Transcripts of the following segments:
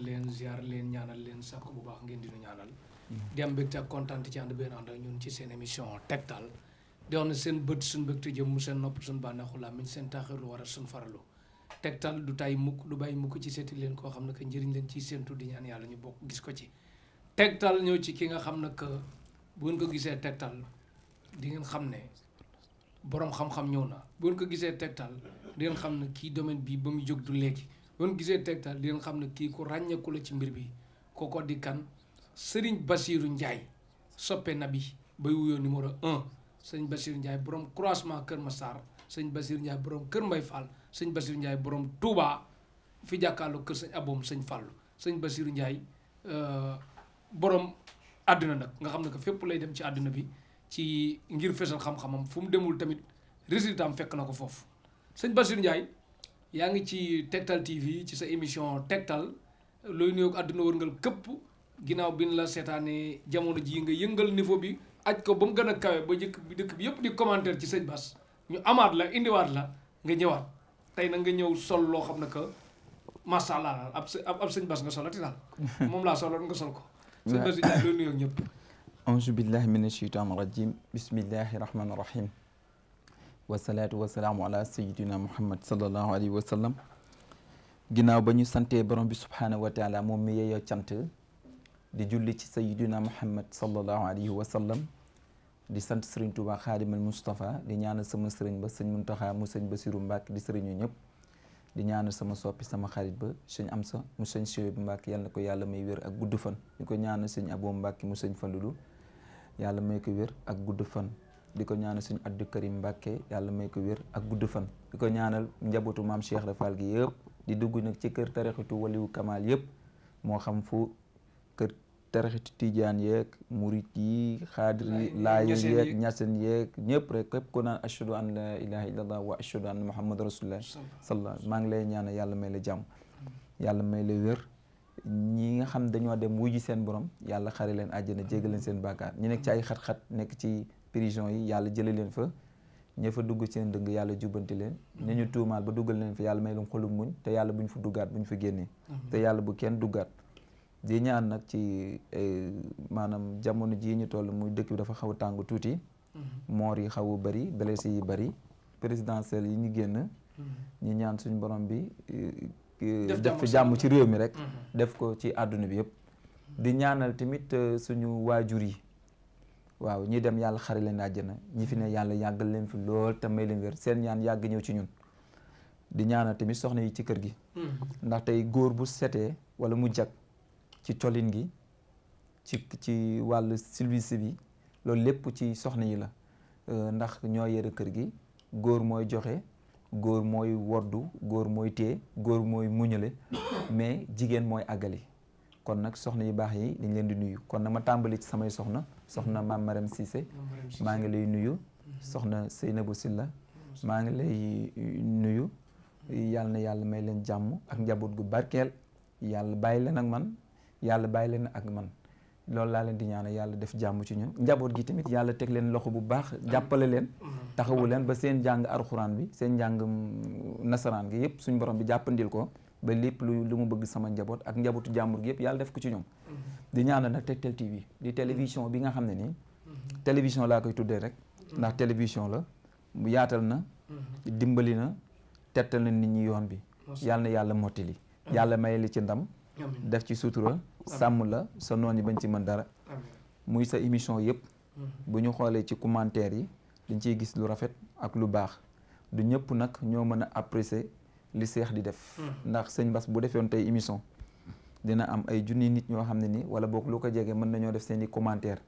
ñaanal leen ziar leen ñaanal leen sàkk bu baax ngeen dinu ñaanal mm-hmm. di am mbégte ak kontaan ci ànd benn ànd ñun ci seen émission tegtal di wax ne seen bët suñ mbégte jëm seen nopp suñ bànneexu làmmiñ seen taaxirlu war a suñ faralu tegtal du tay mukk du bàyyi mukk ci seeti leen koo xam ne que njëriñ leen ciy seentu di ñaan yàlla ñu bokk gis ko ci tegtal ñëw ci ki nga xam ne que bu ngeen ko gisee tegtal di ngeen xam ne boroom xam ñëw na bu ko gisee tegtal di xam ne kii domaine bii ba mu jóg du léegi yoon gisee tegtal di ngeen xam ne kii ku ràññeeku la ci mbir bi kooko di kan Serigne Bassirou Ndiaye soppe na bi bay wuyoo numéro un sëñ Bassirou Ndiaye borom croisement Kër Massar sëñ Bassirou Ndiaye borom Kër Mbay Fall sëñ Bassirou Ndiaye borom Touba fi jàkkaarloo kër sëñ Aboom sëñ Fallou sëñ Bassirou Ndiaye euh, borom àdduna nag nga xam ne que fépp lay dem ci àdduna bi ci ngir fesal xam-xamam fu mu demul tamit résultat am fekk na ko foofu sëñ Bassirou Ndiaye. yaa ngi ci Tektal TV ci sa émission tegtal looy nuyoog àdduna wërngal këpp ginnaaw bi ñu la seetaanee jamono jii nga yëngal niveau bi aj ko ba mu gën a kawe ba jëkk bi dëkk bi yëpp di commentaire ci sëñ Bass ñu amaat la indiwaat la nga ñëwaat tey nag nga ñëw sol loo xam ne que macha allah ab ab sëñ Bass nga solati daal moom laa soloon nga sol ko. sëñ Bass di daal looy nuyoog ñëpp. a billahi mina shaytaani rajim bismillahi rahmaani rahim. wasalaatu wasalaamu ala sayidina muhammad salallahu alayhi wa sallam ginnaaw ba ñu santee borom bi subhaanahu wa moom mi yeeyoo cant di julli ci sayidina muhammad salallahu alayhi wa sallam di sant tubaa Tuubaa xaadimal Mustafa di ñaanal sama sëriñ ba sëñ Muntaxa mu sëñ Basiru Mbàkke di sëriñu ñëpp di ñaanal sama soppi sama xarit ba sëñ Amsa mu sëñ Cheikh Mbàkke yal na ko yàlla may wér ak gudd fan ñu ko ñaanal sëñ Abo Mbàkke mu sëñ Falulu yàlla may ko wér ak gudd fan di ko ñaanal suñu addu karim Mbàkke yàlla may ko wér ak gudd fan di ko ñaanal njabootu maam Cheikh Ibra Fall gi yëpp di dugg nag ci kër tarixitu waliwu Kamal yëpp moo xam fu kër tarixitu Tijaan yeeg murit yi xaadir yi laayen yeeg ñasen yeeg ñëpp rek képp ko naan ashhadu an la ilaha illallah wa ashhadu anna muhammad rasulullah sallallahu maa ngi lay ñaanal yàlla may la jàmm yàlla may la wér ñi nga xam dañoo dem wuy ji seen borom yàlla xare leen àjjana jéggal leen seen bàkkaar ñi nekk ci ay xat nekk ci prison yi yàlla jëlee leen fa ña fa dugg seen dëgg yàlla jubbanti leen ña ñu mm-hmm. tuumaal ba duggal leen fa yàlla may lu xolum muñ te yàlla buñ fa duggaat ñu fa génnee mm-hmm. te yàlla bu kenn duggaat di ñaan nag ci eh, maanaam jamono jii ñu toll muy dëkk bi dafa xaw a tàng tuuti mm-hmm. moor yi xaw a bëri blessé yi bëri présidentielle yi ñu génn ñu ñaan suñ borom bi eh, eh, def fi jàmm ci réew mi rek def ko ci àdduna bi yëpp di ñaanal tamit suñu waajur yi waaw ñi dem yàlla xare leen àjjana ñi fi ne yàlla yàggal leen fi lool te may leen wér seen ñaan yàgg ñëw ci ñun di ñaana tamit soxna yi ci kër gi hmm. ndax tey góor bu setee wala mu jag ci colin gi ci ci wàllu service loolu lépp ci soxna yi la euh, ndax ñoo yore kër gi góor mooy joxe góor mooy woddu góor mooy téye góor mooy muñale mais jigéen mooy àggali kon nag soxna yu baax yi dañ leen di nuyu kon nag ma tàmbali ci samay soxna soxna maam Maram Cissé maa ngi lay nuyu soxna Seynabou Silla maa ngi lay euh, nuyu yàlla na yàlla may leen jàmm ak njaboot gu barkeel yàlla bàyyi leen ak man yàlla bàyyi leen ak man loolu laa leen di ñaanal yàlla def jàmm ci ñun njaboot gi tamit yàlla teg leen loxo bu baax jàppale leen taxawu leen ba seen jàng arxuraan bi seen njàng nasaraan gi yëpp suñ borom bi jàppandil ko ba lépp lu lu mu bëgg sama njaboot ak njabootu jàmbur gi yëpp yàlla def ko ci ñoom mm-hmm. di ñaanal nag Tektal TV di télévision bi nga xam ne nii mm-hmm. télévision laa koy tuddee rek mm-hmm. ndax télévision la yaatal na dimbali na tettal na nit ñi yoon bi yàlla na yàlla mottali yàlla may li ci ndam def ci sutura sàmm la sa noon yi bañ ci mën dara muy sa émission yëpp bu ñu xoolee ci commentaire yi dañ ciy gis lu rafet ak lu baax du ñëpp nag ñoo mën a apprécier li seex di def hmm. ndax sëñ bas bu defoon tey émission dina am ay junni nit ñoo xam ne nii wala bokk lu ko jege mën nañoo def seen i commentaire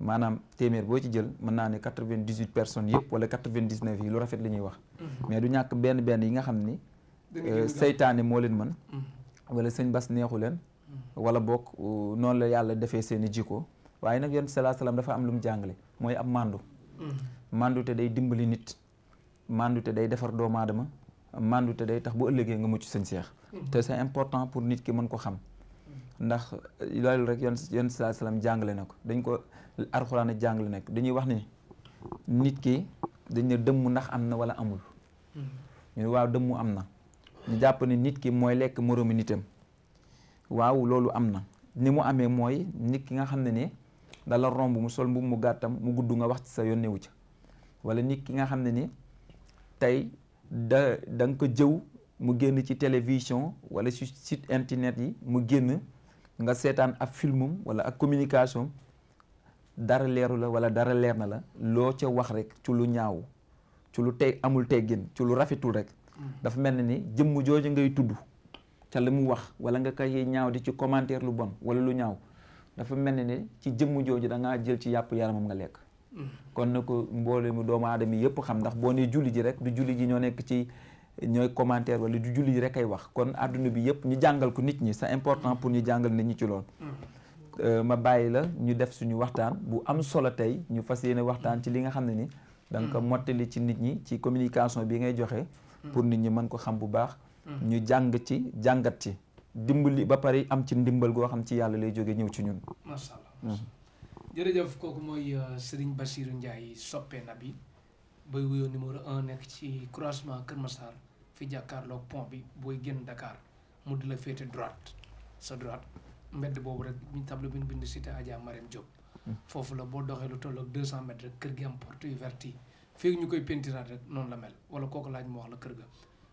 maanaam téeméer boo ci jël mën naa ne quatre vingt dix personnes yëpp wala quatre-vingt-dix-neuf yi lu rafet la ñuy wax hmm. mais du ñàkk benn benn yi nga xam ni euh, seytaane moo leen mën hmm. wala sëñ bas neexu leen wala bokk euh, noonu la yàlla defee seen i jikko waaye nag yonent salaa salaam dafa am lu mu jàngale mooy ab màndu màndu te day dimbali nit màndu te day defar doomu aadama mandu te day tax bu ëllëgee nga mucc sañ seex te c'est important pour nit ki mën ko xam ndax loolu rek yoon yon salaa salaam jàngale na ko dañ ko arxuraan a jàngale na dañuy wax ni nit ki dañ ne dëmm ndax am na wala amul hmm. ñu waaw dëmmu am na ñu jàpp ne nit ki mooy lekk moroomi nitam waaw loolu am na ni mu amee mooy nit ki nga xam ne ne dala romb mu sol mbubb mu gàttam mu gudd nga wax ci sa yónnewu ca wala nit ki nga xam ne ni tey da da nga ko jëw mu génn ci télévision wala ci site internet yi mu génn nga seetaan ab filmum wala ak communication dara leeru la wala dara leer na la loo ca wax rek ci lu ñaaw ci lu tey amul teggin ci lu rafetul rek mm. dafa mel na ni jëmm jooju ngay tudd ca la mu wax wala nga koy ñaaw di ci commentaire lu bon wala lu ñaaw dafa mel na ni ci jëmm jooju dangaa jël ci yàpp yaramam nga lekk kon na ko mboole mu doomu aadama yëpp xam ndax boo nee julli ji rek du julli ji ñoo nekk ci ñooy commentaire wala du julli ji rek ay wax kon àdduna bi yëpp ñu jàngal ko nit ñi c'est important pour ñu jàngal nit ñi ci loolu. Euh, ma bàyyi la ñu def suñu waxtaan bu am solo tey ñu fas yéene waxtaan ci li nga xam ne ni. danga ko mm. mottali ci nit ñi ci communication bi ngay joxe. Mm. pour nit ñi mën ko xam bu baax. Mm. ñu jàng ci jàngat ci. dimbali ba pare am ci ndimbal goo xam ci yàlla lay jóge ñëw ci ñun. macha allah. jërëjëf kooku mooy euh, Serigne Bassirou Ndiaye na bi booy wuyoo numéro un nekk ci croisement Kër Massar fi jàkkaarloog pont bi booy génn Dakar mu di la féete droite sa droite mbedd boobu rek biñ table bi ñu bind cité Adja Marème Diop. Hmm. foofu la boo doxee lu tolloog deux cent mètres rek kër gi am porte yu verte ñu koy pentiraat rek noonu la mel wala kooku laaj mu wax la kër ga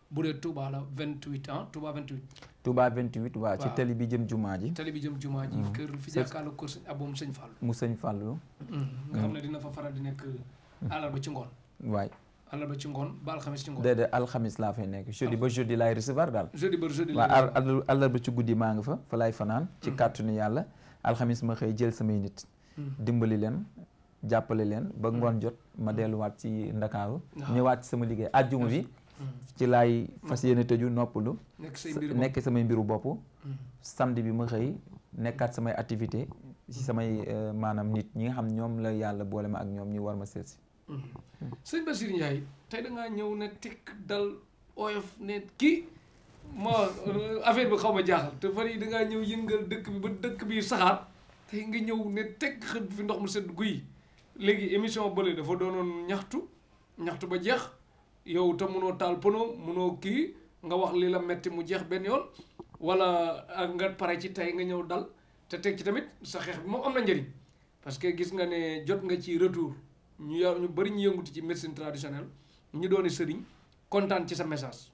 bu dee Touba la vingt huit ans Touba vingt huit. Touba 28 waaw ci tali bi jëm jumaa ji tali bi jëm jumaa ji mm-hmm. kër fi mm-hmm. ba alxamis ci ngoon déedéet alxamis laa fay nekk jeudi ba jeudi laay recevoir daal jeudi ba jeudi waaw àllarba ci guddi maa nga fa fa laay fanaan ci mm-hmm. kàttanu yàlla alxamis ma xëy jël samay nit dimbali leen jàppale leen ba ngoon jot ma delluwaat ci ndakaaru ñëwaat ci sama liggéey àjjuma bi Mm. ci laay fas yéene tëju noppalu. nekk samay mbiru bopp. Mm. samedi bi ma xëy nekkaat samay activité si samay mm. euh, maanaam nit ñi nga xam ñoom la yàlla boole ma ak ñoom ñu war ma seet si. sëñ Bassirou Ndiaye tey da ñëw ne tekk dal oyof ne kii. moo euh, affaire bi xaw ma jaaxal te fan yii da ngaa ñëw yëngal dëkk bi ba dëkk bi saxaar tey nga ñëw ne teg xët fi ndox mu sedd guy léegi émission bële dafa doonoon ñaxtu ñaxtu ba jeex yow te munoo taal pono munoo kii nga wax li la metti mu jeex benn yoon wala ah, nga pare ci tey nga ñëw dal te teg ci tamit sa xeex bi moom am na njëriñ parce que gis nga ne jot nga ci retour ñu ñu bëri ñu yënguti ci médecine traditionnelle ñu dooni sëriñ kontaan ci sa message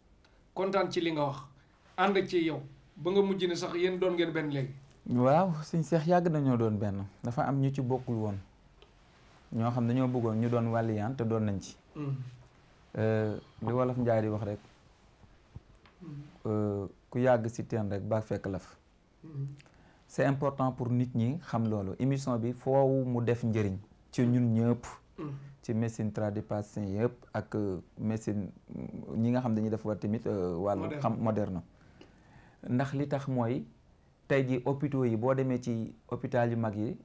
kontaan ci li nga wax ànd ci yow ba nga mujj ne sax yéen doon ngeen benn léegi. waaw sëñ Seex yàgg nañoo doon benn dafa am ñu ci bokkul woon ñoo xam dañoo bëggoon ñu doon wàlliyaan doon nañ ci. Mm. Euh, li wolof njaay di wax rek euh, ku yàgg si teen rek ba fekk la fa c'est important pour nit ñi xam loolu émission bi foofu mu def njëriñ ci ñun ñëpp ci médecine tradipatien yëpp ak euh, médecine ñi nga xam dañuy def war tamit wàllu xam moderne ndax li tax mooy tey ji hôpitaux yi boo demee ci hôpital yu mag yi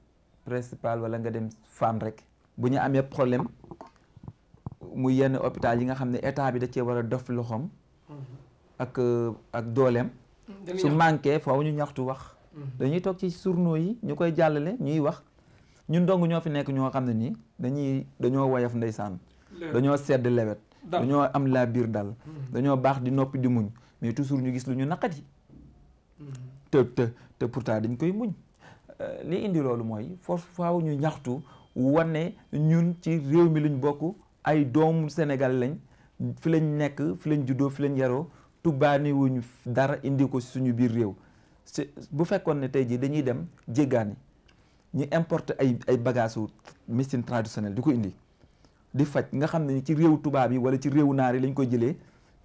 principal wala nga dem femme rek bu ñu amee problème muy yenn hôpital yi nga xam ne état bi da cee war a dof loxoom. ak euh, ak dooleem. su manqué foofu ñu ñaxtu wax. Mm-hmm. dañuy toog ci surno yi ñu koy jàllale ñuy wax ñun dong ñoo fi nekk ñoo xam ne nii dañuy dañoo woyof ndeysaan. dañoo sedd lewet. dañoo am la biir dal. Mm-hmm. dañoo baax di noppi di muñ mais toujours ñu gis lu ñu naqati. Mm-hmm. te te te pourtant dañ koy muñ. Euh, li indi loolu mooy foofu faaw ñu ñaxtu wane ñun ci réew mi luñ bokk. ay doomu Sénégal lañ fi lañ nekk fi lañ juddoo fi lañ yaroo tubbaani wuñu dara indi ko suñu biir réew bu fekkoon ne tey jii dañuy dem jéggaani ñu importe ay ay bagages su médecine traditionnelle di ko indi di faj nga xam ne ci réew tubaab yi wala ci réew naar yi lañ ko jëlee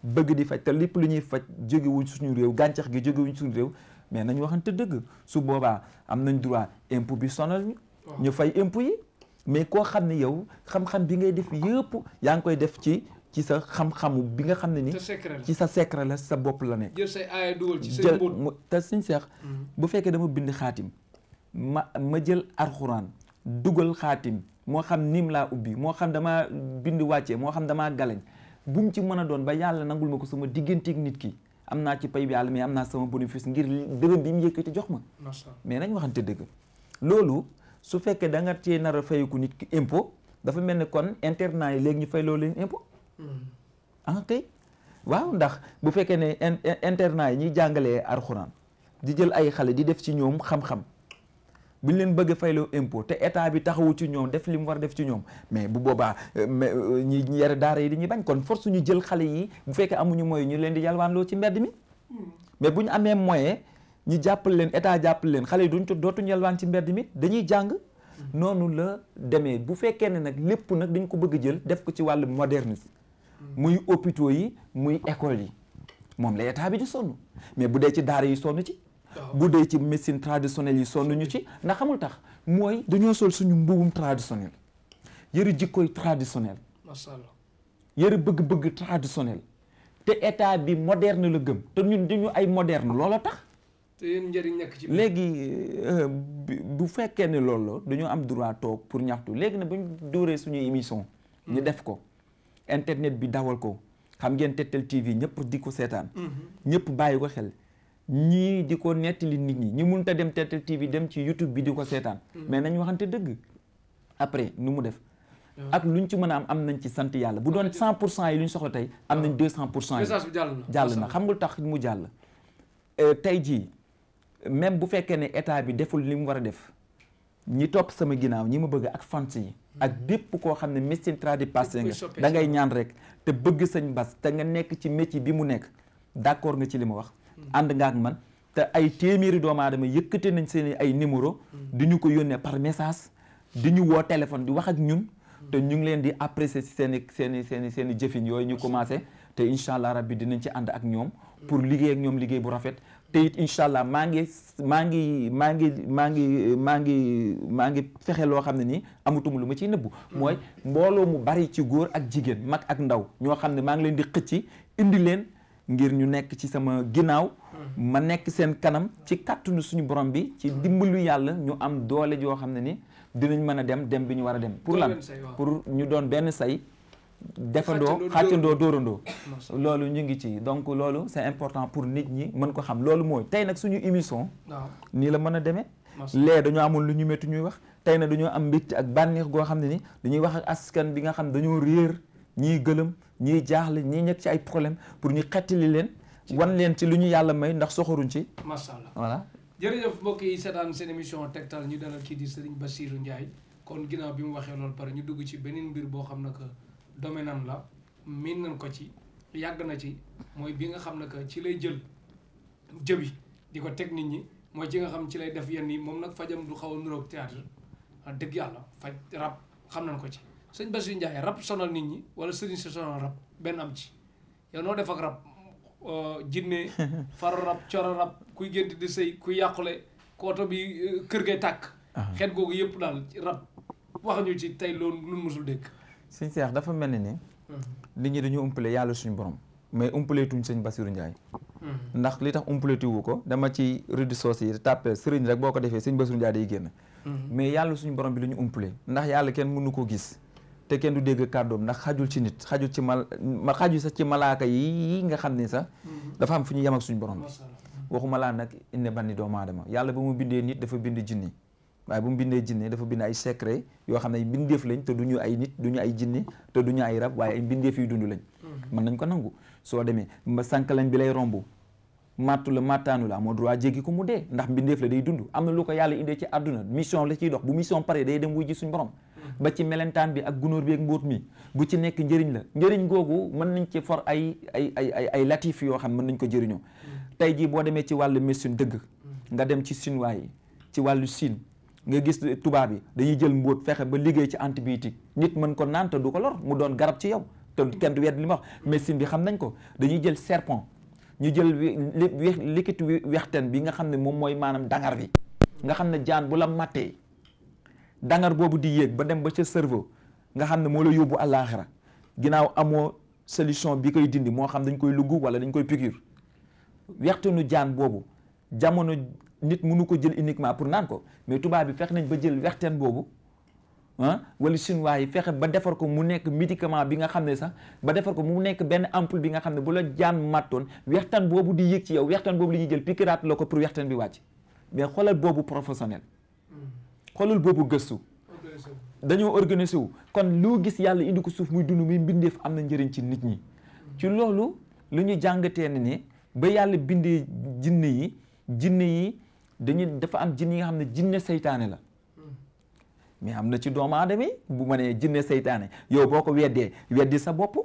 bëgg di faj te lépp lu ñuy faj jógewuñ suñu réew gàncax gi jógewuñ suñu réew mais nañu nañ te dëgg su boobaa am nañ droit impôt bi sonal ñu fay impôt yi mais koo xam ne yow xam-xam bi ngay def yëpp yaa ngi koy def ci ci sa xam-xamu bi nga xam ne ni ci sa secret la sa bopp la nekk jël te suñ mhm. bu fekkee dama bind xaatim ma ma jël arxuraan dugal xaatim moo xam niim laa ubbi moo xam dama bind wàcce moo xam damaa galañ bu mu ci mën a doon ba yàlla nangul ma ko sama digganteeg nit ki am naa ci pay bi yàlla am naa sama bénéfice ngir dërëm bi mu yëkkati jox ma mais nañ waxante dëgg loolu su fekkee da nga cee nar a fayeku nit ki impôt dafa mel ni kon internat yi léegi ñu fay loolu leen impôt hmm. ah kay waaw ndax bu fekkee ne internat yi ñuy jàngalee alxuraan di jël ay xale di def ci ñoom xam-xam bu ñu leen bëgg fayloo impôt te état bi taxawu ci ñoom def li mu war def ci ñoom mais bu boobaa euh, euh, ñu yare daara yi di dañuy bañ kon su ñu jël xale yi bu fekkee amuñu mooy ñu leen di yalwaanloo ci mbedd mi hmm. mais bu ñu amee moyen ñu jàppale leen état jàppale leen xale yi duñ dootuñu yalwaan ci mbedd mi dañuy jàng mm-hmm. noonu la demee bu fekkee ne nag lépp nag dañ ko bëgg jël def ko ci wàllu modernes mm-hmm. muy opito yi muy école yi moom la état bi di sonn mais bu dee ci daara yi sonn ci bu dee ci médecine traditionnelle yi sonn ñu ci ndax xamul tax mooy dañoo sol suñu mbubum traditionnel yëri jikkooy traditionnel macha allah yëri bëgg-bëgg traditionnel te état bi moderne la gëm te ñun dañu ay moderne loola tax te yéen njëriñ nekk ci. léegi euh, bu fekkee ne loolu la dañoo am droit toog pour ñaxtu léegi na bu dooree dóoree suñuy émission. ñu mm-hmm. def ko internet bi dawal ko xam ngeen Tektal TV ñëpp di ko seetaan. Mm-hmm. ñëpp bàyyi ko xel. ñii di ko li nit ñi ñu mënut a dem Tektal TV dem ci YouTube bi di ko seetaan. Mm-hmm. mais nañ waxante dëgg. après nu mu def. ak lu ñu ci mën a am nañ ci sant yàlla bu doon 100 pour cent yi lu ñu soxla tey am nañ cent pour cent yi. jàll na jàll na xam nga tax mu jàll. Euh, tey jii même bu fekkee ne état bi deful li mu war a def ñi topp sama ginnaaw ñi ma bëgg ak fans yi ak mhm. bépp koo xam ne médecine tradipassé nga da ngay ñaan rek te bëgg sëñ Bass te nga nekk ci métier bi mu nekk d'accord nga ci li ma wax mhm. ànd nga ak man te ay téeméeri doomu aadama yëkkate nañ seen ay numéro mhm. di ñu ko yónnee par message di ñu woo téléphone di wax ak ñun te ñu ngi leen di apprécier seen i seen i seen seen jëfin yooyu ñu commencé te incha allah rabbi dinañ ci ànd ak ñoom pour liggéey ak ñoom liggéey bu rafet te it incha allah maa ngi maa ngi maa ngi maa ngi maa ngi maa ngi fexe loo xam ne ni amatuma lu ma ciy nëbbu. mooy mbooloo mu bari ci góor ak jigéen mag ak ndaw ñoo xam ne maa ngi leen di xëcc indi leen ngir ñu nekk ci sama ginnaaw. ma nekk seen kanam ci kàttanu suñu borom bi ci dimbalu yàlla ñu am doole joo xam ne ni dinañ mën a dem dem bi ñu war a dem. pour lan pour ñu doon benn say. defandoo xàccandoo dóorandoo loolu ñu ngi ci donc loolu c'est important pour nit ñi mën ko xam loolu mooy tey nag suñu émission nii la mën a demee lee dañoo amoon lu ñu métti ñuy wax tey nag dañoo am mbégte ak bànneex goo xam ne ni dañuy wax ak askan bi nga xam dañoo réer ñiy gëlëm ñiy jaaxle ñii nekk ci ay problème pour ñu xettali leen wan leen ci lu ñu yàlla may ndax soxoruñ ci macha allah voilà jërëjëf mbokk yi seetaan seen émission Tektal ñu dalal kii di Serigne Bassirou waxee loolu pare ñu dugg ci beneen mbir boo xam ne que domaine am la miin nañ ko ci yàgg na ci mooy bi nga xam ne que ci lay jël jëbi di ko teg nit ñi mooy ci nga xam ci lay def yenn yi moom nag fajam du xaw a nuroog théâtre dëgg yàlla faj rab xam nañ ko ci sëñ Bassirou Ndiaye rab sonal nit ñi wala sëriñ si sonal rab benn am ci yow noo def ak rab euh, jinne faro rab coro rab kuy gént di sëy kuy yàqule kooto bi euh, kër gay tàkk xeet googu yëpp daal rab wax ñu ci tey loolu lu musul dégg sëñ Seex dafa mel ni mm-hmm. nit ñi dañu umpale yàlla suñu borom mais umpale tuñ sëñ Basiru Ndiaye. Mm-hmm. ndax li tax umpale tuwu ko dama ci réseaux sociaux yi tàppe sëriñ rek boo ko defee sëñ Basiru Ndiaye day génn. Mm-hmm. mais yàlla suñu borom bi la ñu umpale ndax yàlla kenn mënu ko gis. te kenn du dégg kàddoom ndax xajul ci nit xajul ci mal ma xajul sax ci malaaka yi nga xam ne sax. dafa am fu ñu yem ak suñu borom bi. waxuma laa nag indi ni doomu aadama yàlla ba mu bindee nit dafa bind jinni waaye bu mu bindee jinne dafa bind ay secret yoo xam ne ay mbindeef lañ te du ay nit du ñu ay jinne te du ay rab waaye ay mbindeef yuy dund lañ mm-hmm. mën nañ ko nangu soo demee mba sànq lañ bi lay romb màttu la màttaanu la amoo droit jéggi ko mu dee ndax mbindeef la day dund am na lu ko yàlla indee ci àdduna mission la ciy dox bu mission pare day dem wuy ji suñ borom mm-hmm. ba ci melentaan bi ak gunóor bi ak mbóot mi bu ci nekk njëriñ la njëriñ googu mën nañ ci for ay ay ay ay ay latif yoo xam mën nañ ko jëriñoo mm-hmm. tey jii boo demee ci wàllu médecine dëgg nga dem ci chinois yi ci wàllu Chine nga gis tubaab yi dañuy jël mbóot fexe ba liggéey ci antibiotique nit mën ko naan te du ko lor mu doon garab ci yow te kenn du wedd li ma wax médecine bi xam nañ ko dañuy jël serpent ñu jël li liquide wexten bi nga xam ne moom mooy maanaam dangar bi nga xam ne jaan bu la mattee dangar boobu di yéeg ba dem ba ca cerveau nga xam ne moo la yóbbu àllaaxira ginnaaw amoo solution bi koy dindi moo xam dañ koy lugg wala dañ koy piqûre wextanu jaan boobu nit mënu ko jël uniquement pour naan ko mais tubaab bi fexe nañ ba jël werteen boobu ah wala chinois yi fexe ba defar ko mu nekk médicament bi nga xam ne sax ba defar ko mu nekk benn ampoule bi nga xam ne bu la jaan mattoon wertaan boobu di yëg ci yow wertaan boobu li ñu jël pikiraat la ko pour wertaan bi wàcc mais xoolal boobu professionnel xoolal boobu gëstu dañoo organisé wu kon loo gis yàlla indi ko suuf muy dund muy mbindeef am na njëriñ ci nit ñi ci loolu lu ñu jàngatee ne ne ba yàlla bindee jinne yi jinne yi dañuy dafa am jinn yi nga xam ne jinne seytaane la mais am na ci doomu aadama yi bu ma nee jinne seytaane yow boo ko weddee weddi sa bopp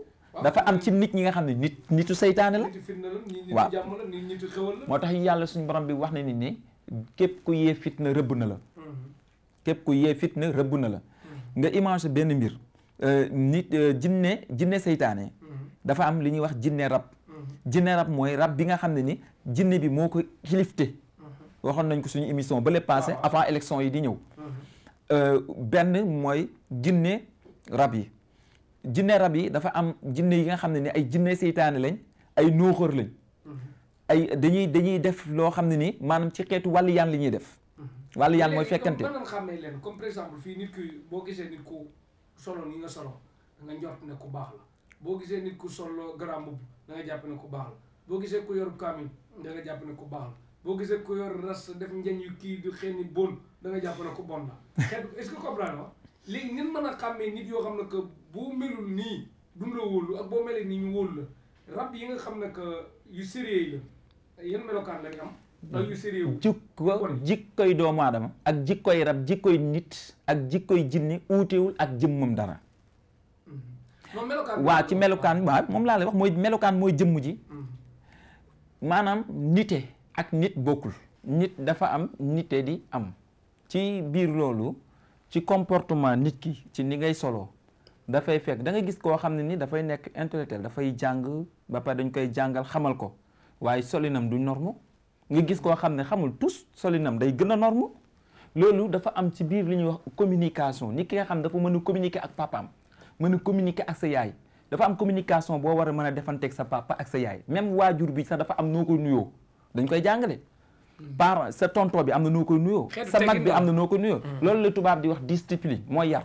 dafa am ci nit ñi nga xam ne nit nitu seytaane la moo tax yàlla suñu borom bi wax na ni képp ku yee fitna rëbb na la mm-hmm. ku yee fitna rëbb na la mm-hmm. nga image benn mbir euh, nit euh, jinne jinne seytaane mm-hmm. dafa am li ñuy wax jinne rab jinne rab mooy rab bi nga xam ne ni jinne bi moo ko kilifte waxoon nañ ko suñu émission ba le passé avant élection yi di ñëw mhm. euh, benn mooy jinne rab yi jinne rab yi dafa am jinne yi nga xam ne ni ay jinne seytaane lañ ay nóoxóor lañ mhm. ay dañuy dañuy def loo xam ne ni maanaam ci xeetu wàllu yaan li ñuy def mhm. wàllu yaan mooy fekkante xàmmee leen comme par exemple fii nit boo gisee nit ku solo ni nga solo nga njort ne ku baax la boo gisee nit ku solo grand mbubb da nga jàpp ne ku baax boo gisee ku yor kaamil nga jàpp ne ku baax la boo gisee ku ras def njañ yu kii du xëy ni bon da nga ko bon la xeet est-ce que comprendre nga léegi nit mën a xàmmee nit yoo xam na que boo melul nii duñ la ak boo melee ñu wóolu yi nga xam ne que yu sérieux la yan melokaan ak yu sérieux jikko jikkoy ak jikkoy rab jikkoy nit ak jikkoy jinne uutewul ak jëmmam dara mm-hmm. waaw ci melokaan waaw moom laa lay wax mooy melokaan mooy jëmm ji mm-hmm. maanaam nite ak nit bokkul nit dafa am nite di am ci biir loolu ci comportement nit ki ci ni ngay solo dafay fekk da gis koo xam ne ni dafay nekk intellectuel dafay jàng ba pare koy jàngal xamal ko waaye solinam du norme nga gis koo xam ne xamul tous solinam day gën a norme loolu dafa am ci biir lu ñuy wax communication ni ki nga xam dafa mën a communiquer ak papaam mën a communiquer ak sa yaay dafa am communication boo war a mën a defanteeg sa papa ak sa yaay même waajur bi sax dafa am noo ko dañ koy jàngale parent sa tonton bi am na noo koy nuyoo sa mag bi am na noo koy nuyoo mm-hmm. loolu la tubaab di wax discipline mooy yar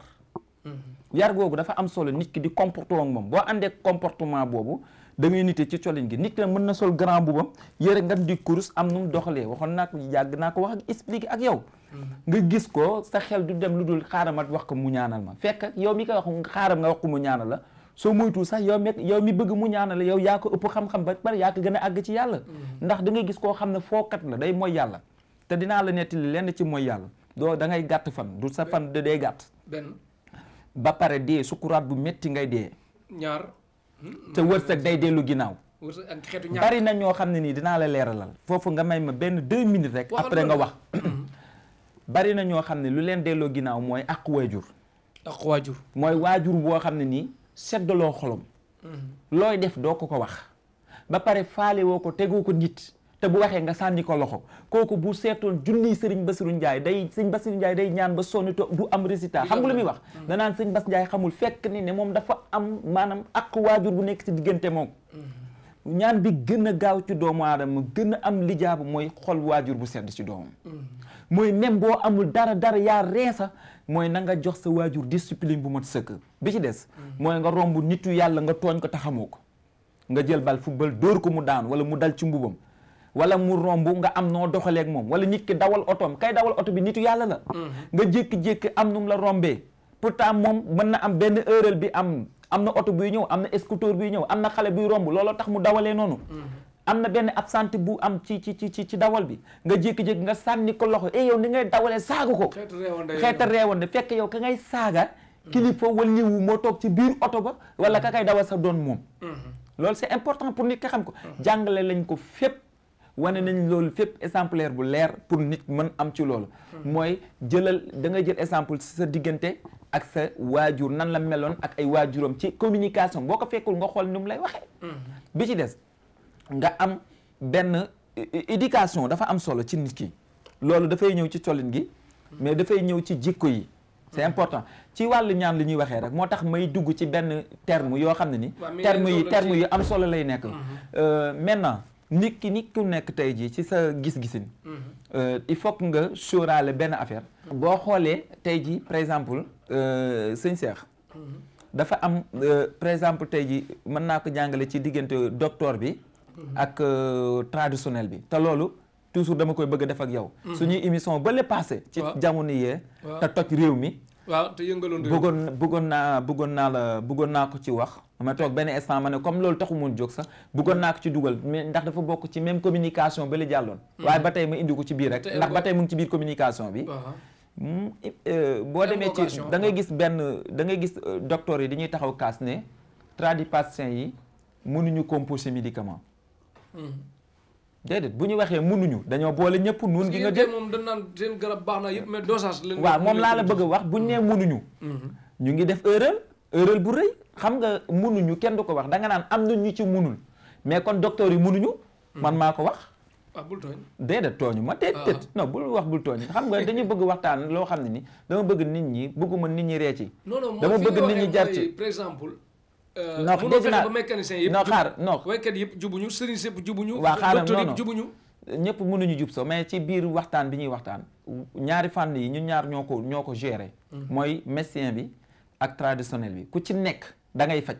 mm-hmm. yar googu dafa am solo nit ki di comporté moom boo àndee comportement boobu da ngay nite ci colin gi nit ki mën na sol grand boubam yére nga di course am nu mu doxalee waxoon naa ko yàgg naa ko wax ak expliqué ak yow mm-hmm. nga gis ko sa xel du dem lu dul xaaral ma wax ko mu ñaanal ma fekk yow mi koy wax xaaral nga wax ko mu ñaanal la soo moytu sax yow mi yow mi bëgg mu ñaana la yow yaa ko ëpp xam-xam ba pare yaa ko gën a àgg ci yàlla mm-hmm. ndax da gis koo xam ne fookat la day mooy yàlla te dinaa la nettali lenn ci mooy yàlla doo da ngay gàtt fan du sa fan de day gàtt ba pare dee sukuraat bu métti ngay dee ñaar hmm? te wërsëg day dellu ginnaaw bari na ñoo xam ne nii dinaa la leeralal foofu nga may ma benn deux minutes rek après nga wax bari na ñoo xam ne lu leen delloo ginnaaw mooy ak waajur ak waajur xam ne nii seddaloo xolom looy def doo ko ko wax ba pare faale woo ko tegoo ko nit te bu waxee nga sànni ko loxo kooku bu seetoon junniy sëriñ Basiru Njaay day sëñ Basiru Njaay day ñaan ba sonni to du am résultat xam lu muy wax danaan sëñ Bas Njaay xamul fekk ni ne moom dafa am maanaam ak waajur bu nekk ci diggante moom ñaan bi gën a gaaw ci doomu aadama gën a am lijaabu mooy xol waajur bu sedd ci doomam mooy même boo amul dara dara yaa reesa mooy na nga jox sa waajur discipline bu mat sëkk bi ci des mhm. mooy nga romb nitu yàlla nga tooñ ko taxamoo ko nga jël bal football dóor ko mu daan wala mu dal ci mbubam wala mu romb nga am noo doxaleeg moom wala nit dawal otoom kay dawal oto bi nitu yàlla la mhm. nga jékki-jékki am num la rombee pourtant moom mën na am benn erreur bi am am na oto buy ñëw am na scooter buy ñëw am na xale buy romb looloo tax mu dawalee noonu mhm. am na benn absente bu am ci ci ci ci dawal bi nga jékki-jékki nga sànni ko loxo eh yow ni ngay dawalee saaga ko xeeta reewoon de fekk yow ka ngay saaga mm-hmm. kilifa waliwu moo toog ci biir oto ba wala ka mm-hmm. kay dawal sa doon moom mm-hmm. loolu c'est important pour nit ka xam ko jàngale lañ ko fépp wane nañ loolu fépp exemplaire bu leer pour nit mën am ci loolu mooy jëlal da nga jël exemple si sa diggante ak sa waajur nan la meloon ak ay waajuram ci communication boo ko fekkul nga xool ni lay waxee bi ci des nga am benn éducation dafa am solo ci nit ki loolu dafay ñëw ci colin gi mais dafay ñëw ci jikko yi c'est important ci wàll ñaan li ñuy waxee rek moo tax may dugg ci benn terme yoo xam ne ni terme yi terme yu am solo lay nekk mhm. euh, maintenant nit ki nit ku nekk tey jii ci sa gis-gisin mhm. euh, il faut nga sóoraale benn affaire boo xoolee tey jii par exemple euh, sëñ Cheikh mhm. dafa am par exemple tey jii mën naa ko jàngale ci diggante docteur bi ak euh, traditionnel bi te loolu toujours dama koy bëgg def ak yow. Mhm. suñuy émission ba le passé. ci jamono yee. te toj réew mi. waaw te yëngaloon réew mi bëggoon bëggoon naa bëggoon naa la bëggoon naa ko ci wax. ma toog benn instant ma ne comme loolu taxu mun jóg sax bëggoon naa ko ci dugal mais ndax dafa bokk ci même communication ba li jàlloon. Mhm. waaye ba tey ma indi ko ci biir rek. ndax ba tey mu ngi ci biir communication bi. Hmm, euh, boo demee ci dangay gis benn dangay gis euh, docteur yi dañuy taxaw kaas ne tradipaticiens yi mënuñu composé médicament. Mm-hmm. déedéet bu ñu waxee mënuñu dañoo boole ñëpp nuun gi nga jël moom dañ naan seen garab baax na yëpp mais dosage la waaw moom laa la bëgg a wax bu ñu mm-hmm. nee mënuñu mm-hmm. ñu ngi def erreur erreur bu rëy xam nga munuñu kenn du ko wax da nga naan am na ñu ci mënul mais kon docteur yi mënuñu man maa ko wax ah bul tooñ déedéet tooñu ma déet déet ah. non bul wax bul tooñ xam nga dañu bëgg waxtaan loo xam ne ni dama bëgg nit ñi bëgguma nit ñi ree ci dama bëgg nit ñi jar ci Euh, non dégg naa ba mécanicien yëpp. non xaar non yëpp jubuñu sëriñ yëpp jubuñu. waa xaaral docteur yëpp jubuñu. ñëpp mënuñu jub so mais ci biir waxtaan bi ñuy waxtaan ñaari fànn yi ñu ñaar ñoo ko ñoo ko gérer. Mhm. mooy médecin bi ak traditionnel bi ku ci nekk da ngay faj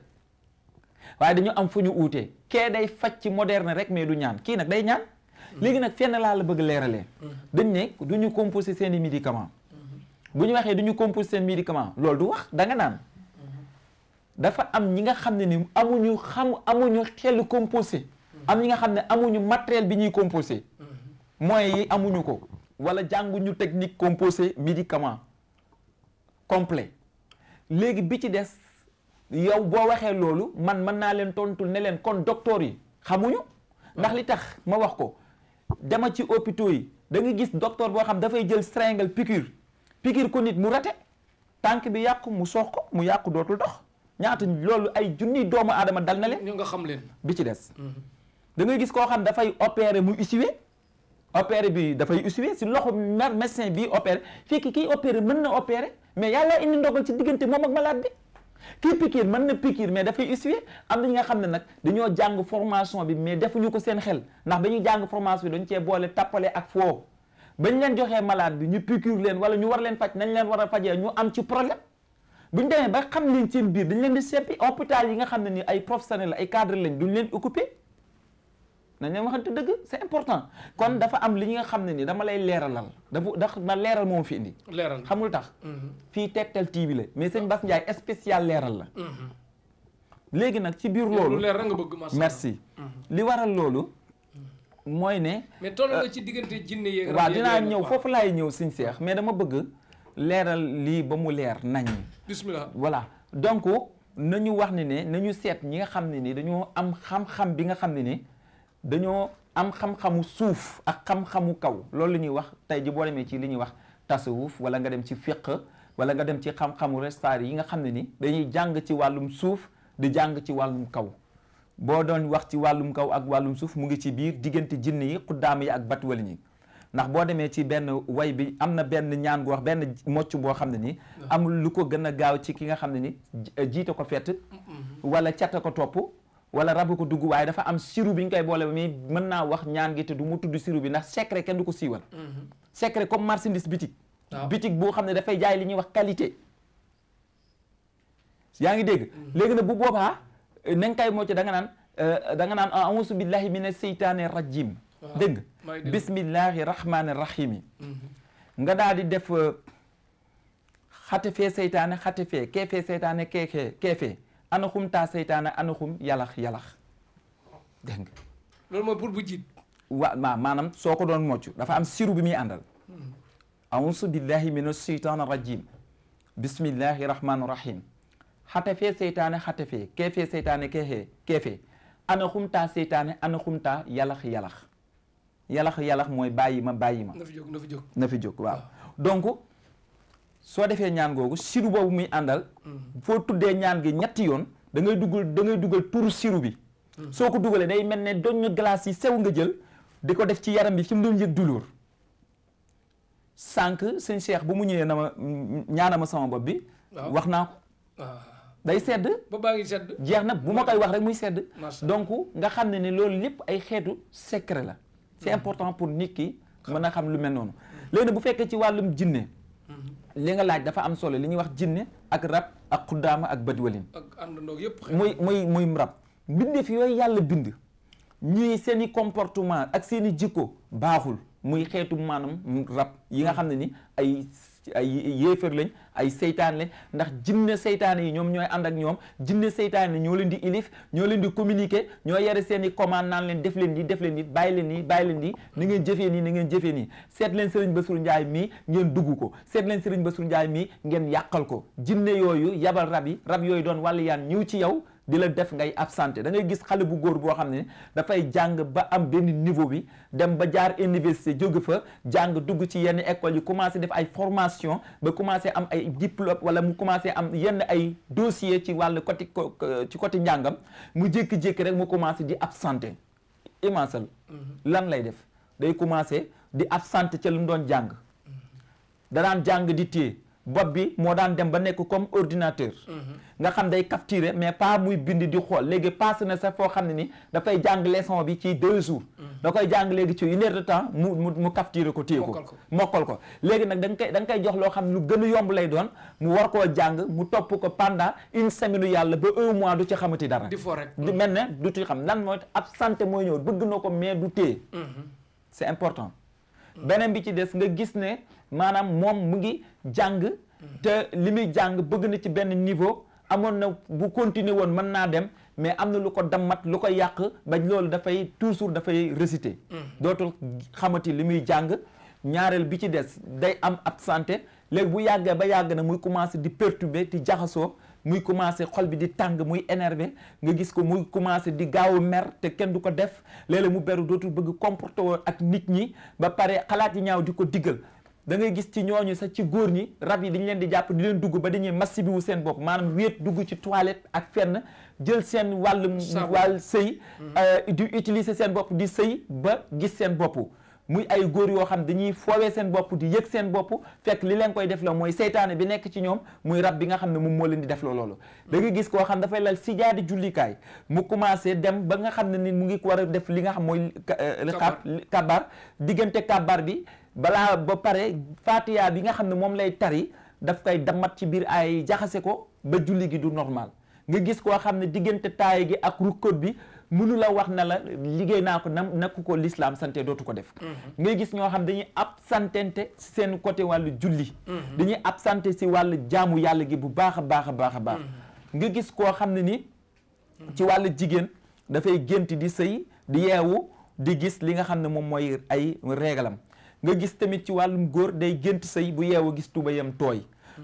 waaye dañu am fu ñu uutee kee day faj ci moderne rek mais du ñaan kii nag day ñaan. Mhm. léegi nag fenn laa la bëgg leeralee. Mhm. dañ ne du ñu composé seen i médicament. bu ñu waxee du ñu composé seen médicament loolu du wax da nga naan. dafa am ñi nga xam ne ni amuñu xam amuñu xel composé am ñi nga xam ne amuñu matériel bi ñuy composé moyens yi amuñu ko wala jànguñu technique composé médicament complet léegi bi ci des yow boo waxee loolu man mën naa leen tontu ne leen kon docteur yi xamuñu ndax li tax ma wax ko dema ci hôpitaux yi da nga gis docteur boo xam dafay jël seringue piqûre piqûre ko nit mu rate tànk bi yàqu mu soox ko mu yàqu dootul dox ñaata loolu ay junniy doomu aadama dal na leen. ñu nga xam leen. bi ci des. Mhm. da ngay gis koo xam dafay opérer mu usuwee. opéré bi dafay usuwee si loxo mer médecin bi opéré fekk kii opéré mën na opéré mais yàlla indi ndogal ci diggante moom ak malade bi. kii pikiir mën na pikiir mais dafay essuyer am na ñi nga xam ne nag dañoo jàng formation bi mais defuñu ko seen xel ndax ba ñu jàng formation bi dañ cee boole tappale ak foo bañ leen joxee malade bi ñu pikiir leen wala ñu war leen faj nañ leen war a fajee ñu am ci problème bu ñu demee ba xam leen seen biir dañ leen di seppi hôpital yi nga xam ne ni ay professionnels ay cadres lañ ñu leen occupé nañ leen waxante dëgg c'est important kon mm-hmm. dafa am li nga xam ne ni dama lay leeralal dafa ndax ma leeral moom fi indi. leeral xamul tax. Mm-hmm. fii Tektal TV la mais sëñ Bass Ndiaye spécial leeral la. Mm-hmm. léegi nag ci biir loolu leer nga bëgg merci li waral loolu. mooy ne. mais toll nga euh, ci diggante jinne yeeg. waaw dinaa ñëw foofu laay ñëw sëñ Seex mais dama bëgg leeral lii ba mu leer nañ bismillah voilà donc nañu wax ne ne nañu seet ñi nga xam ne ni dañoo am xam-xam bi nga xam ne ni dañoo am xam-xamu suuf ak xam-xamu kaw loolu la ñuy wax tey ji boo demee ci li ñuy wax tasawuf wala nga dem ci fiq wala nga dem ci xam-xamu restaar yi nga xam ne ni dañuy jàng ci wàllum suuf di jàng ci wàllum kaw boo doon wax ci wàllum kaw ak wàllum suuf mu ngi ci biir diggante jinne yi xuddaam yi ak batwali ñi ndax boo demee ci benn way bi am na benn ñaan gu wax benn mocc boo xam ne nii amul lu ko gën a gaaw ci ki nga xam ne ni eh, jiite ko fett mm-hmm. wala cata ko topp wala rabu ko dugg waaye dafa am siru bi ñu koy boole mi mën naa wax ñaan gi te du mu tudd siru bi ndax secret kenn du ko siiwal mm-hmm. secret comme marchandise bitik ah. bitik boo xam ne dafay jaay li ñuy wax qualité yaa ngi dégg mm-hmm. léegi nag bu boobaa eh, na nga koy mocc da nga naan eh, da nga naan auzu billahi mina seytaane rajim ah. dégg bismillahi rahmaani rahimi mm-hmm. nga daal di def euh, xate fee seytaane xate fee kee fee seytaane kee kee kee taa seytaane anaxum yalax yalax dégg nga loolu mooy pour bu wa ma maanaam soo ko doon mocc dafa am siru mi muy àndal mm-hmm. ausu billahi min asheytan rajim bismillahi rahmani seytaane xate fee kee fee seytaane kee kee fee taa seytaane anaxum taa yalax yalax yalax yalax mooy bàyyi ma bàyyi ma. na fi jóg na fi jóg na fi jóg waaw. Ah. donc soo defee ñaan googu siru boobu muy àndal. Hmm. foo tuddee ñaan gi ñetti yoon dangay ngay dugal da ngay dugal turu siru bi. Hmm. soo ko dugalee day mel ne doñu glace yi sew nga jël di ko def ci yaram bi fi mu doon yëg dulóor sànq sëñ Cheikh bu mu ñëwee na ma ñaana ma sama bopp bi. wax naa ko. Ah. day sedd. ba baa ngi sedd. jeex na bu ma koy wax rek muy sedd. donc nga xam ne ne loolu lépp ay xeetu secret la. c'est important pour nit ki mën a xam lu mel noonu léegi bu fekkee ci wàllum jinne li nga laaj dafa am solo li ñuy wax jinne ak rab ak xuddaama ak badwalin muy muy muy rab mbindeef yooyu yàlla bind ñuy seen i comportement ak seen i jikko baaxul muy xeetu maanaam rab yi nga xam ne ni ay ay yéefar lañ ay seytaan lañ ndax jinne seytaane yi ñoom ñooy ànd ak ñoom jinne seytaane yi ñoo leen di ilif ñoo leen di communiquer ñoo yare seen i commande leen def leen nii def leen nii bàyyi leen nii bàyyi leen ni na ngeen jëfee nii na ngeen jëfee nii seet leen Serigne Bassirou Ndiaye mii ngeen dugg ko seet leen Serigne Bassirou Ndiaye mii ngeen yàqal ko jinne yooyu yabal rab yi rab yooyu doon wàllu yaan ñëw ci yow di la def ngay absenté da ngay gis xale bu góor boo xam ne dafay jàng ba am benn niveau bi dem ba jaar université jóge fa jàng dugg ci yenn école yi commencé def ay formation ba commencé am ay diplôme wala mu commencé am yenn ay dossier ci wàllu côté ci côté njàngam mu jékki-jékki rek mu commencé di absenté imansal mhm. lan lay def day commencé di absenté ca lu mu doon jàng mhm. danaan jàng di téye bopp bi moo daan dem ba nekk comme ordinateur mhm. nga xam day capturer mais pas muy bind di xool léegi passé na sax foo xam ne ni dafay jàng leçon bi ci deux jours mhm. da koy jàng léegi ci une heure de temps mu mu mu ko téye ko mokkal ko léegi nag da koy da koy jox loo xam nu lu gën yomb lay doon mu war koo jàng mu topp ko pendant une semaine yàlla ba un mois du ci xamati dara di fo rek di mel ne du ci xam lan mooy absenté mooy ñëw bëgg na ko mais du téye mhm. c'est important beneen bi ci des nga gis ne maanaam moom mu ngi jàng te li muy jàng bëgg na ci benn niveau amoon na bu continuer woon mën naa dem mais am na lu ko dammat lu ko yàq ba loolu dafay toujours dafay réciter mm. dootul xamati li muy jàng ñaareel bi ci des day am absenté léegi bu yàggee ba yàgg na muy commencé di perturber di jaxasoo muy commencé xol bi di tàng muy énervé nga gis ko muy commencé di gaaw a mer te kenn du ko def léeg-léeg mu beru dootul bëgg comporté woon ak nit ñi ba pare xalaat yi ñaaw di ko diggal da ngay gis ci ñooñu sax ci góor ñi rab yi dañ leen di jàpp di leen dugg ba dañuy massi bi wu seen bopp maanaam wéet dugg ci toilette ak fenn jël seen wàllum wàll sëy mm-hmm. euh, di utiliser seen bopp di sëy ba gis seen bopp muy ay góor yoo xam dañuy foowee seen bopp di yëg seen bopp fekk li leen koy def la mooy seytaane bi nekk ci ñoom muy rab bi nga xam ne moom moo leen di def la loolu mm-hmm. da gis koo xam dafay lal si jaadi jullikaay mu commencé dem ba nga xam ne ni mu ngi war a def li nga xam mooy euh, kab kabar diggante kabar bi balaa ba pare fatiha bi nga xam ne moom lay tari daf koy damat ci biir ay jaxase ko ba julli gi du normal nga gis koo xam ne diggante taay gi ak kot bi mënu la wax na la liggéey naa ko nam nakku ko l'islam santé dootu ko def mhm. ngay gis ñoo xam ne dañuy ab absenténte seen côté wàllu julli mhm. dañuy absenté si wàll jaamu yàlla gi bu baax a baax a baax a baax mhm. nga gis koo xam ne ni ci wàll jigéen dafay gént di sëy di yeewu di gis li nga xam ne moom mooy ay régalam nga gis tamit ci wàllum góor day gént sëy bu yeewoo gis tubayam tooy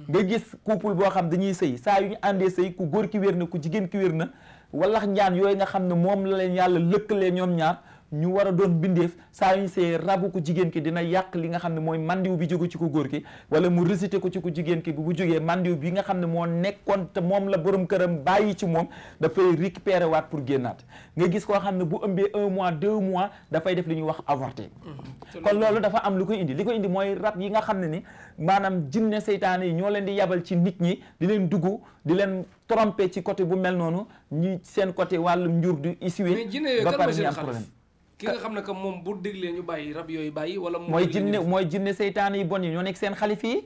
nga gis couple boo xam dañuy sëy saa yu ñu àndee sëy ku góor ki wér na ku jigéen ki wér na walax njaan yooyu nga xam ne moom la leen yàlla lëkk lëkkalee ñoom ñaar ñu war a doon bindeef saa yu ñu see rabu ku jigéen ki dina yàq li nga xam ne mooy mandiw bi jóge ci ko góor ki wala mu récité ko ci ko jigéen ki bu bu jógee mandiw bi nga xam ne moo nekkoon te moom la borom këram bàyyi ci moom dafay récupérer waat pour génnaat nga gis koo xam ne bu ëmbee un mois deux mois dafay def li ñuy wax avorté mm-hmm. kon loolu dafa am lu ko indi li ko indi mooy rab yi nga xam ne ni maanaam jim jinne seytaane yi ñoo leen di yabal ci nit ñi di leen dugg di leen trompé ci côté bu mel noonu ñi seen côté wàllum njur di issué ba pare ñu am problème ki nga xam na que moom bu déglee ñu bàyyi rab yooyu bàyyi wala mooy jinne mooy jinne seytaane yi bon yi ñoo nekk seen xalifa yi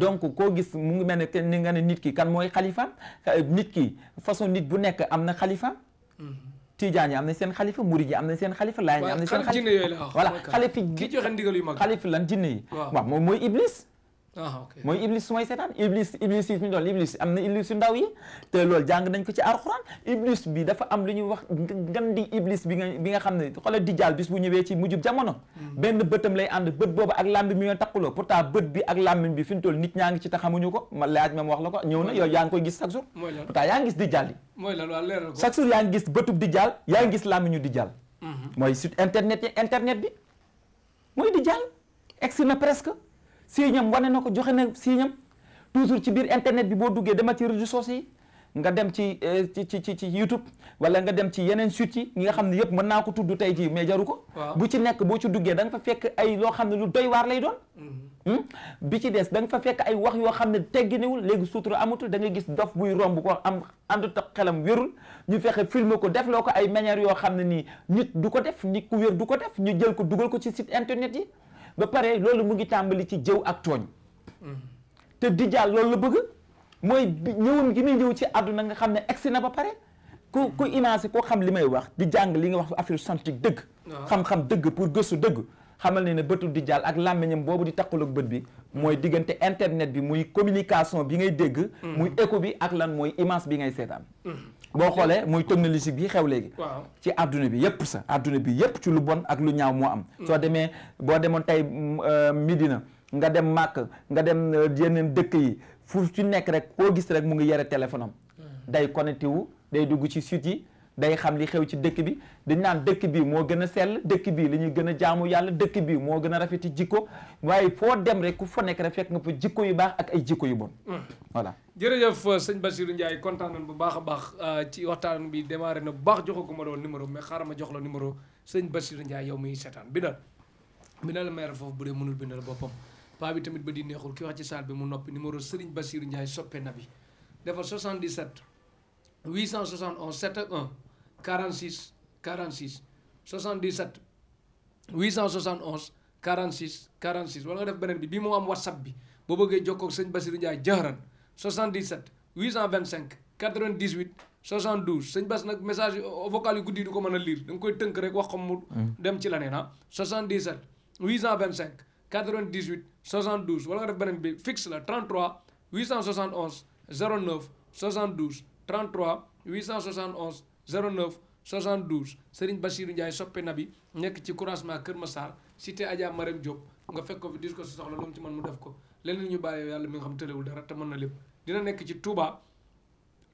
donc koo gis mu ngi mel ne ni nga ne nit ki kan mooy xalifa euh, nit ki façon nit bu nekk am na xalifa mhm. tijaan yi am na seen xalifa murid yi am na seen xalifa laay yi am na seen xalifa voilà xalifa ki joxe ndigal yu mag xalifa lan jinne yi waaw moom mooy iblis mooy iblis mooy seetaan iblis iblis yi ñu doon iblis am na iblis yu ndaw yi te loolu jàng nañ ko ci alxuraan iblis bi dafa am lu ñuy wax ngan di iblis bi nga bi nga xam ne xoolal dijaal bis bu ñëwee ci mujjub jamono hmm. benn bëtam lay ànd bët boobu ak làmbi mi ñoo takkuloo pourtant bët bi ak làmbi bi fi ñu toll nit ñaa ngi ci taxamuñu ko ma laaj ma wax la ko ñëw na yow yaa ngi koy gis chaque jour pourtant yaa ngi gis dijaal yi mooy yaa ngi gis bëtub dijaal yaa ngi gis làmbi ñu dijaal hmm. mooy site internet yi internet siiñam wane na ko joxe na siiñam toujours ci biir internet bi boo duggee dama ci réseaux sociaux yi nga dem eh, ci ci ci ci YouTube wala nga dem ci yeneen suite yi nga xam ne yëpp mën naa ko tudd tey jii mais jaru ko. bu ci nekk boo ci duggee da nga fa fekk ay loo xam ne lu doy waar lay doon. Mm-hmm. Hmm? bi ci des da nga fa fekk ay wax yoo xam ne tegginewul léegi sutura amatul da nga gis dof buy romb ko am àndut ak xelam wérul ñu fexe filmer ko def loo ko ay manière yoo xam ne nii nit du ko def nit ku wér du ko def ñu jël ko dugal ko ci site internet yi. ba pare loolu mu ngi tàmbali ci jëw ak tooñ te Dajjal loolu la bëgg mooy ñëwum gi muy ñëw ci àdduna nga xam ne egsi na ba pare ku ku imancé koo xam li may wax di jàng li nga wax affaire scientifique dëgg ah. xam-xam dëgg pour gëstu dëgg xamal ne ne bëtu Dajjal ak làmmiñam boobu di taqaloog bët bi mooy diggante internet bi muy communication bi ngay dégg mm. muy écho bi ak lan mooy image bi ngay seetaan mm. boo xoolee muy technologie bi xew léegi ci adduna bi yëpp sa adduna bi yëpp ci lu bon ak lu ñaaw moo am mm. soo demee boo demoon tey euh, midina nga dem màkk nga dem euh, yeneen dëkk yi fu ci nekk rek koo gis rek mu ngi yore téléphone mm. day connecté day dugg ci site yi day xam li xew ci dëkk bi dañ naan dëkk bi moo gën a sell dëkk bi la gën a jaamu yàlla dëkk bi moo gën a rafeti jikko waaye foo dem rek ku fa nekk rek fekk nga fa jikko yu baax ak ay jikko yu bon hmm. voilà jërëjëf sëñ Bassirou Ndiaye kontaan nañ bu baax a baax euh, ci waxtaan bi démarré na bu baax joxagu ma doon numéro mais xaaral ma jox la numéro sëñ Bassirou Ndiaye yow muy seetaan bindal bindal maire foofu bu dee mënul bindal boppam paa bi tamit ba di neexul ki wax ci saal bi mu noppi numéro Serigne Bassirou Ndiaye soppee na bi dafa 77 871 71 46 46 77 871 46 46 wala nga def beneen bi bii moo am whatsapp bi boo bëggee jokkoo ak sëñ Basirou Ndiaye jëhëran 77 825 98 72 sëñ Bas nag message vocal yu guddi du ko mën a liir da nga koy tënk rek wax ko mu mm. dem ci la nee na 77 825 98 72 wala nga def beneen bi fixe la 33 871 09 72 33 09 72 Serigne Bassirou Ndiaye soppe nabi nekk ci croisement Kër Massar cité Adja Marème Diop nga fekk ko ko soxla lu mu ci mu def ko leneen ñu bàyyi yàlla mi nga xam tëlewul dara te mën na lépp dina nekk ci Touba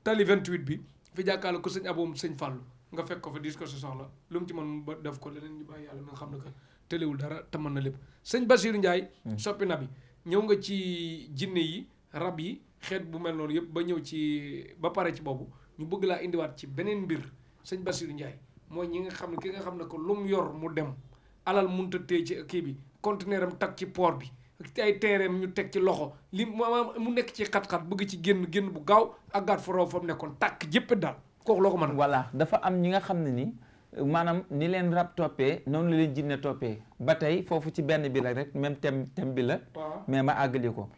tali 28 bi fi jàkkaarloo ko sëñ aboom sëñ Fallou nga fekk ko fi dis ko si soxla lu mu ci mën mu def ko leneen ñu bàyyi yàlla mi nga xam ne que tëlewul dara te mën na lépp sëñ Bassirou Ndiaye hmm. soppi nabi ñëw nga ci jinne yi rab yi xeet bu mel noonu yëpp ba ñëw ci ba pare ci boobu ñu bëgg laa indiwaat ci beneen mbir sëñ Bassirou Ndiaye mooy ñi nga xam ne ki nga xam ne ko lu mu yor mu dem alal munta téye ci kii bi conteneur am tag ci poor bi ay teereem ñu teg ci loxo li mu nekk ci xat-xat bëgg ci génn génn bu gaaw àggaat forow fa mu nekkoon tàkk jëpp daal kooku loo ko mën voilà dafa am ñi nga xam ne ni maanaam ni leen rab toppee noonu la leen jinne toppee ba tey foofu ci benn bi la rek même thème thème bi la mais ma àggali ko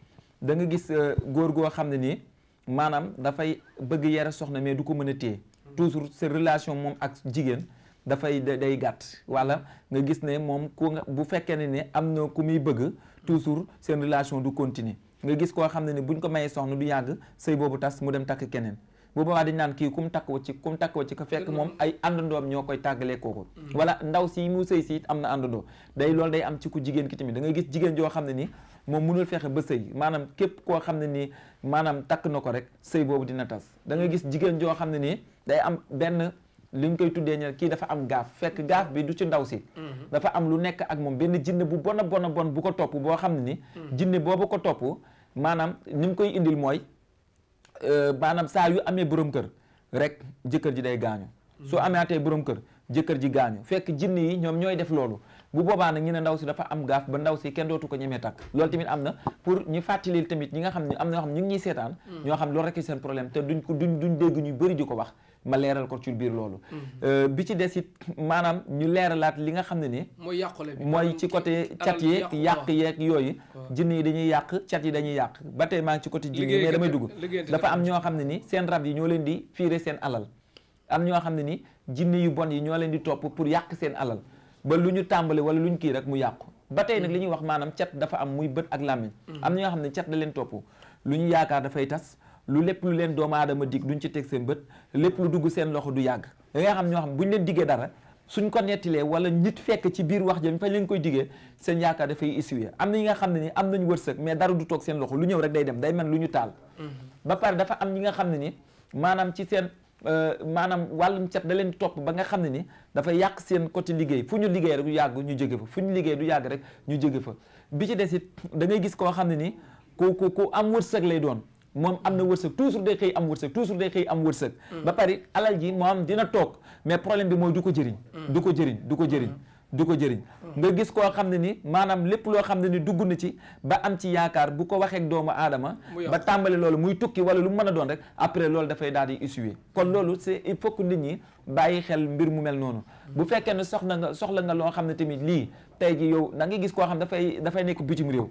danga nga gis euh, góor goo xam ne nii maanaam dafay bëgg yare soxna mais du ko mën a téye toujours seen relation moom ak jigéen dafay day gàtt wala nga gis ne moom ku nga bu fekkee ne ne am na ku muy bëgg toujours seen relation du continuer nga gis koo xam ne ne buñ ko mayee soxna du yàgg sëy boobu tas mu dem takk keneen bu boobaa dañ naan kii ku mu takk wa ci ku mu takk wa ci ko fekk moom ay àndandoom ñoo koy tàggalee kooku mm-hmm. wala ndaw si mu sëy si am na àndandoo day loolu day am ci ku jigéen ki tamit da ngay gis jigéen joo xam ne ni moom mënul fexe ba sëy maanaam képp koo xam ne nii maanaam takk na ko rek sëy boobu dina tas da nga gis jigéen joo xam ne nii day am benn li ñu koy tuddee ñe kii dafa am gaaf fekk gaaf bi du ci ndaw si mhm. dafa am lu nekk ak moom benn jinne bu bon a bon a bon bu ko topp boo xam ne ni mhm. jinne boobu ko topp maanaam ni mu koy indil mooy euh, maanaam saa yu amee borom kër rek jëkkër ji day gaañu mhm. soo amaatee borom kër jëkkër ji gaañu fekk jinne yi ñoom ñooy def loolu bu boobaa nag ñu ne ndaw si dafa am gaaf ba ndaw si kenn dootu ko ñemee takk loolu tamit am na pour ñu fàttalil tamit ñi nga xam ne am na ñu ngi ñuy seetaan mm. ñoo xam loolu rekk seen problème te ñu bëri di ko wax ma leeral ko ci biir loolu mm. euh, bi ci des it maanaam ñu leeralaat li nga xam ne ni mooy yàqule bi mooy ci côté cat yeeg yàq yeeg yooyu jinn yi dañuy yàq cat yi dañuy yàq ba tey maa ngi ci côté jinn yi mais damay dugg dafa am ñoo xam ne ni seen rab ñoo leen di fiire seen alal am ñoo xam ne ni jinn yu bon yi ñoo leen di topp pour yàq seen alal ba lu ñu tàmbali wala lu ñu kii rek mu yàqu ba tey nag li wax maanaam cat dafa am muy bët ak làmmiñ mm-hmm. am na ñoo xam lu ñu yaakaar dafay tas lu lépp lu leen doomu aadama dig duñ ci teg seen bët lépp lu dugg seen da nga xam ci biir wax jëm fa leen koy diggee seen na ñi nga xam ne ni am nañ wërsëg mais dara du toog seen loxo lu ñëw rek day dem day mel lu ñu taal mm-hmm. ba pare dafa am ñi nga xam ne ni maanaam ci seen Euh, maanaam wàllum cat da leen di topp ba nga xam ne ni dafa yàq seen côté liggéey fu ñu liggéey rek du yàgg ñu jóge fa fu ñu liggéey du yàgg rek ñu jóge fa bi ci des it dangay gis koo xam ne ni ku ko ku am wërsëg lay doon moom am na wërsëg toujours day xëy am wërsëg toujours day xëy am wërsëg. Mm. ba pare alal ji am dina toog mais problème bi mooy du ko jëriñ. Mm. du ko jëriñ du ko jëriñ. Mm. du ko jëriñ nga gis koo xam ne ni maanaam lépp loo xam ne ni dugg na ci ba am ci yaakaar bu ko waxee ak doomu aadama ba tàmbali loolu muy tukki wala lu mu mën a doon rek après loolu dafay daal di essuyer kon loolu c'est il faut que nit ñi bàyyi xel mbir mu mel noonu bu fekkee ne soxla nga soxla nga loo xam ne tamit lii tey ji yow na nga gis koo xam dafay dafay nekk bitim réew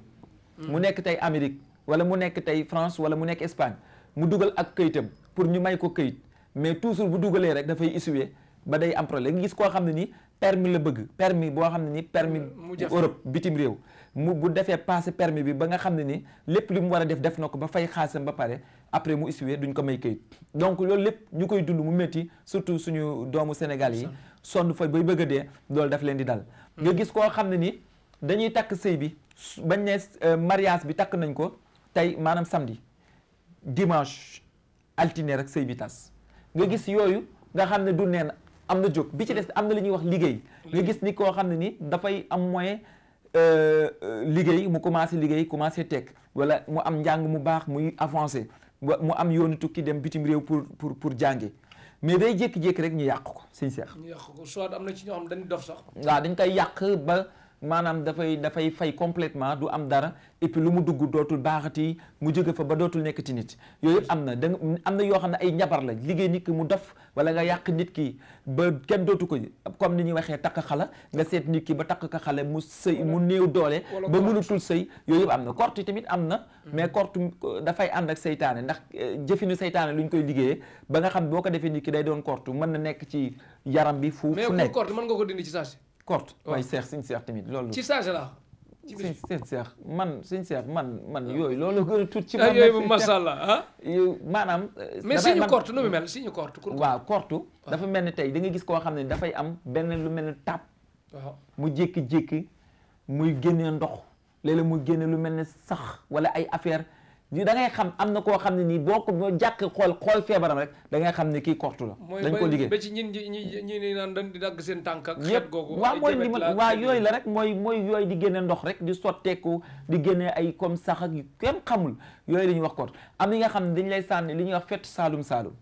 mu nekk tey Amérique wala mu nekk tey France wala mu nekk Espagne mu dugal ak këyitam pour ñu may ko këyit mais toujours bu dugalee rek dafay essuyer ba day am gis koo xam ne ni permis la bëgg permis boo xam ne ni permis Europe bitim réew mu bu defee passé permis bi ba nga xam ne ni lépp li mu war a def def na ko ba fay xaasam ba pare après mu issuer duñ ko may kayit donc loolu lépp ñu koy dund mu métti surtout suñu doomu Sénégal yi sonn fa bay bëgg a dee loolu daf leen di dal hmm. nga gis koo xam ne ni dañuy takk sëy bi bañ ne euh, mariage bi takk nañ ko tey maanaam samedi dimanche altine rek sëy bi tas nga gis yooyu nga xam ne am na jóg bi ci des am na li ñuy wax liggéey nga gis ni koo xam ne ni dafay am moyen euh, liggéey mu commencé liggéey commencé tekk wala mu am njàng mu baax mu muy avancé mu am yoonu tukki dem bitim réew pour pour pour jànge mais day jékki-jékki rek ñu yàq ko sëñ Seex ñu yàq ko soit am na ci ñoo xam dañu dof sax waaw dañ koy yàq maanaam dafay dafay fay complètement du am dara et lu mu dugg dootul baaxati mu jóge fa ba dootul nekkati nit yooyu yëpp am na da am na yoo xam ne ay ñabar la liggéey nit ki mu dof wala nga yàq nit ki ba kenn dootu ko comme ni ñu waxee takk xala nga seet nit ki ba takk ko xale mu sëy mu néew doole ba mënatul sëy yooyu yëpp am na korte tamit am na hmm. mais korte dafay ànd ak seytaane ndax eh, jëfinu seytaane lu ñu koy liggéeyee ba nga xam boo ko defee nit day doon korte mën na nekk ci yaram bi fu fu nekk mën nga ko dindi ci saa corte waaye oh. seex suñu seex tamit loolu. ci stage la. sëñ seex man sëñ seex man man yooyu loolu gën a tout ci ah, man yooyu macha allah ah maanaam eh, mais suñu korte nu mu mel suñu korte waaw korte ah. dafa mel ni tey da gis koo xam ne dafay am benn lu mel ni tàpp ah. mu jékki-jékki muy génne ndox léeg mu génne lu mel ni sax wala ay affaire da ngay xam am na koo xam ne nii boo ko boo jàkk xool xool feebaram rek da ngay xam ne kii kortu la dañ koo liggéey ba ci ñin ñi ñi ni naan dañ di dagg seen tànk ak xeet googu waaw mooy li ma yooyu la rek mooy mooy yooyu di génne ndox rek di sotteeku di génne ay comme sax ak kenn xamul yooyu la wax kort am na yi nga xam ne lay sànni li ñuy wax fett saalum saalum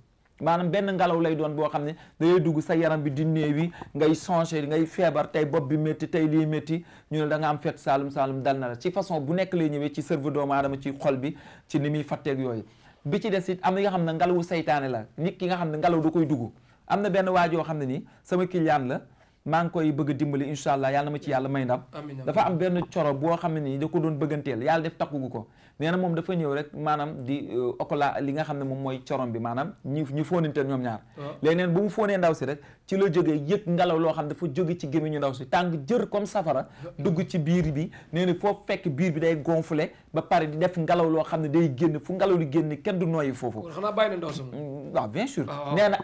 maanaam benn ngelaw lay doon boo xam ne day dugg sa yaram bi di néewi ngay songé ngay feebar tey bopp bi métti tey lii métti ñu ne da nga am fet saalum saalum dal na la ci façon bu nekk lay ñëwee ci cerveau doomu aadama ci xol bi ci ni muy fàtteeg yooyu bi ci des it am na nga xam ne ngelawu seytaane la nit ki nga xam ne ngelaw da koy dugg am na benn waajoo xam ne nii sama client la maa ngi koy bëgg a dimbali incha allah yàlla na ma ci yàlla may ndam dafa am benn coro boo xam ne nii da ko doon bëgganteel yàlla def takkugu ko nee na moom ñëw rek maanaam di euh, okola li nga xam ne moom mooy corom bi maanaam ñu ñu fóonanteel ñoom ñaar ah. léegi neen bu mu fóonee ndaw si rek ci la jógee yëg ngelaw loo xam dafa jóge ci gémmiñu ndaw si tàng jër comme safara ah. dugg ci biir bi nee na foofu fekk biir bi day gonflé ba pare di ngelaw loo xam ne day génn fu ngelaw li génn kenn du nooyi foofu xanaa bàyyi na ndaw si mm, waaw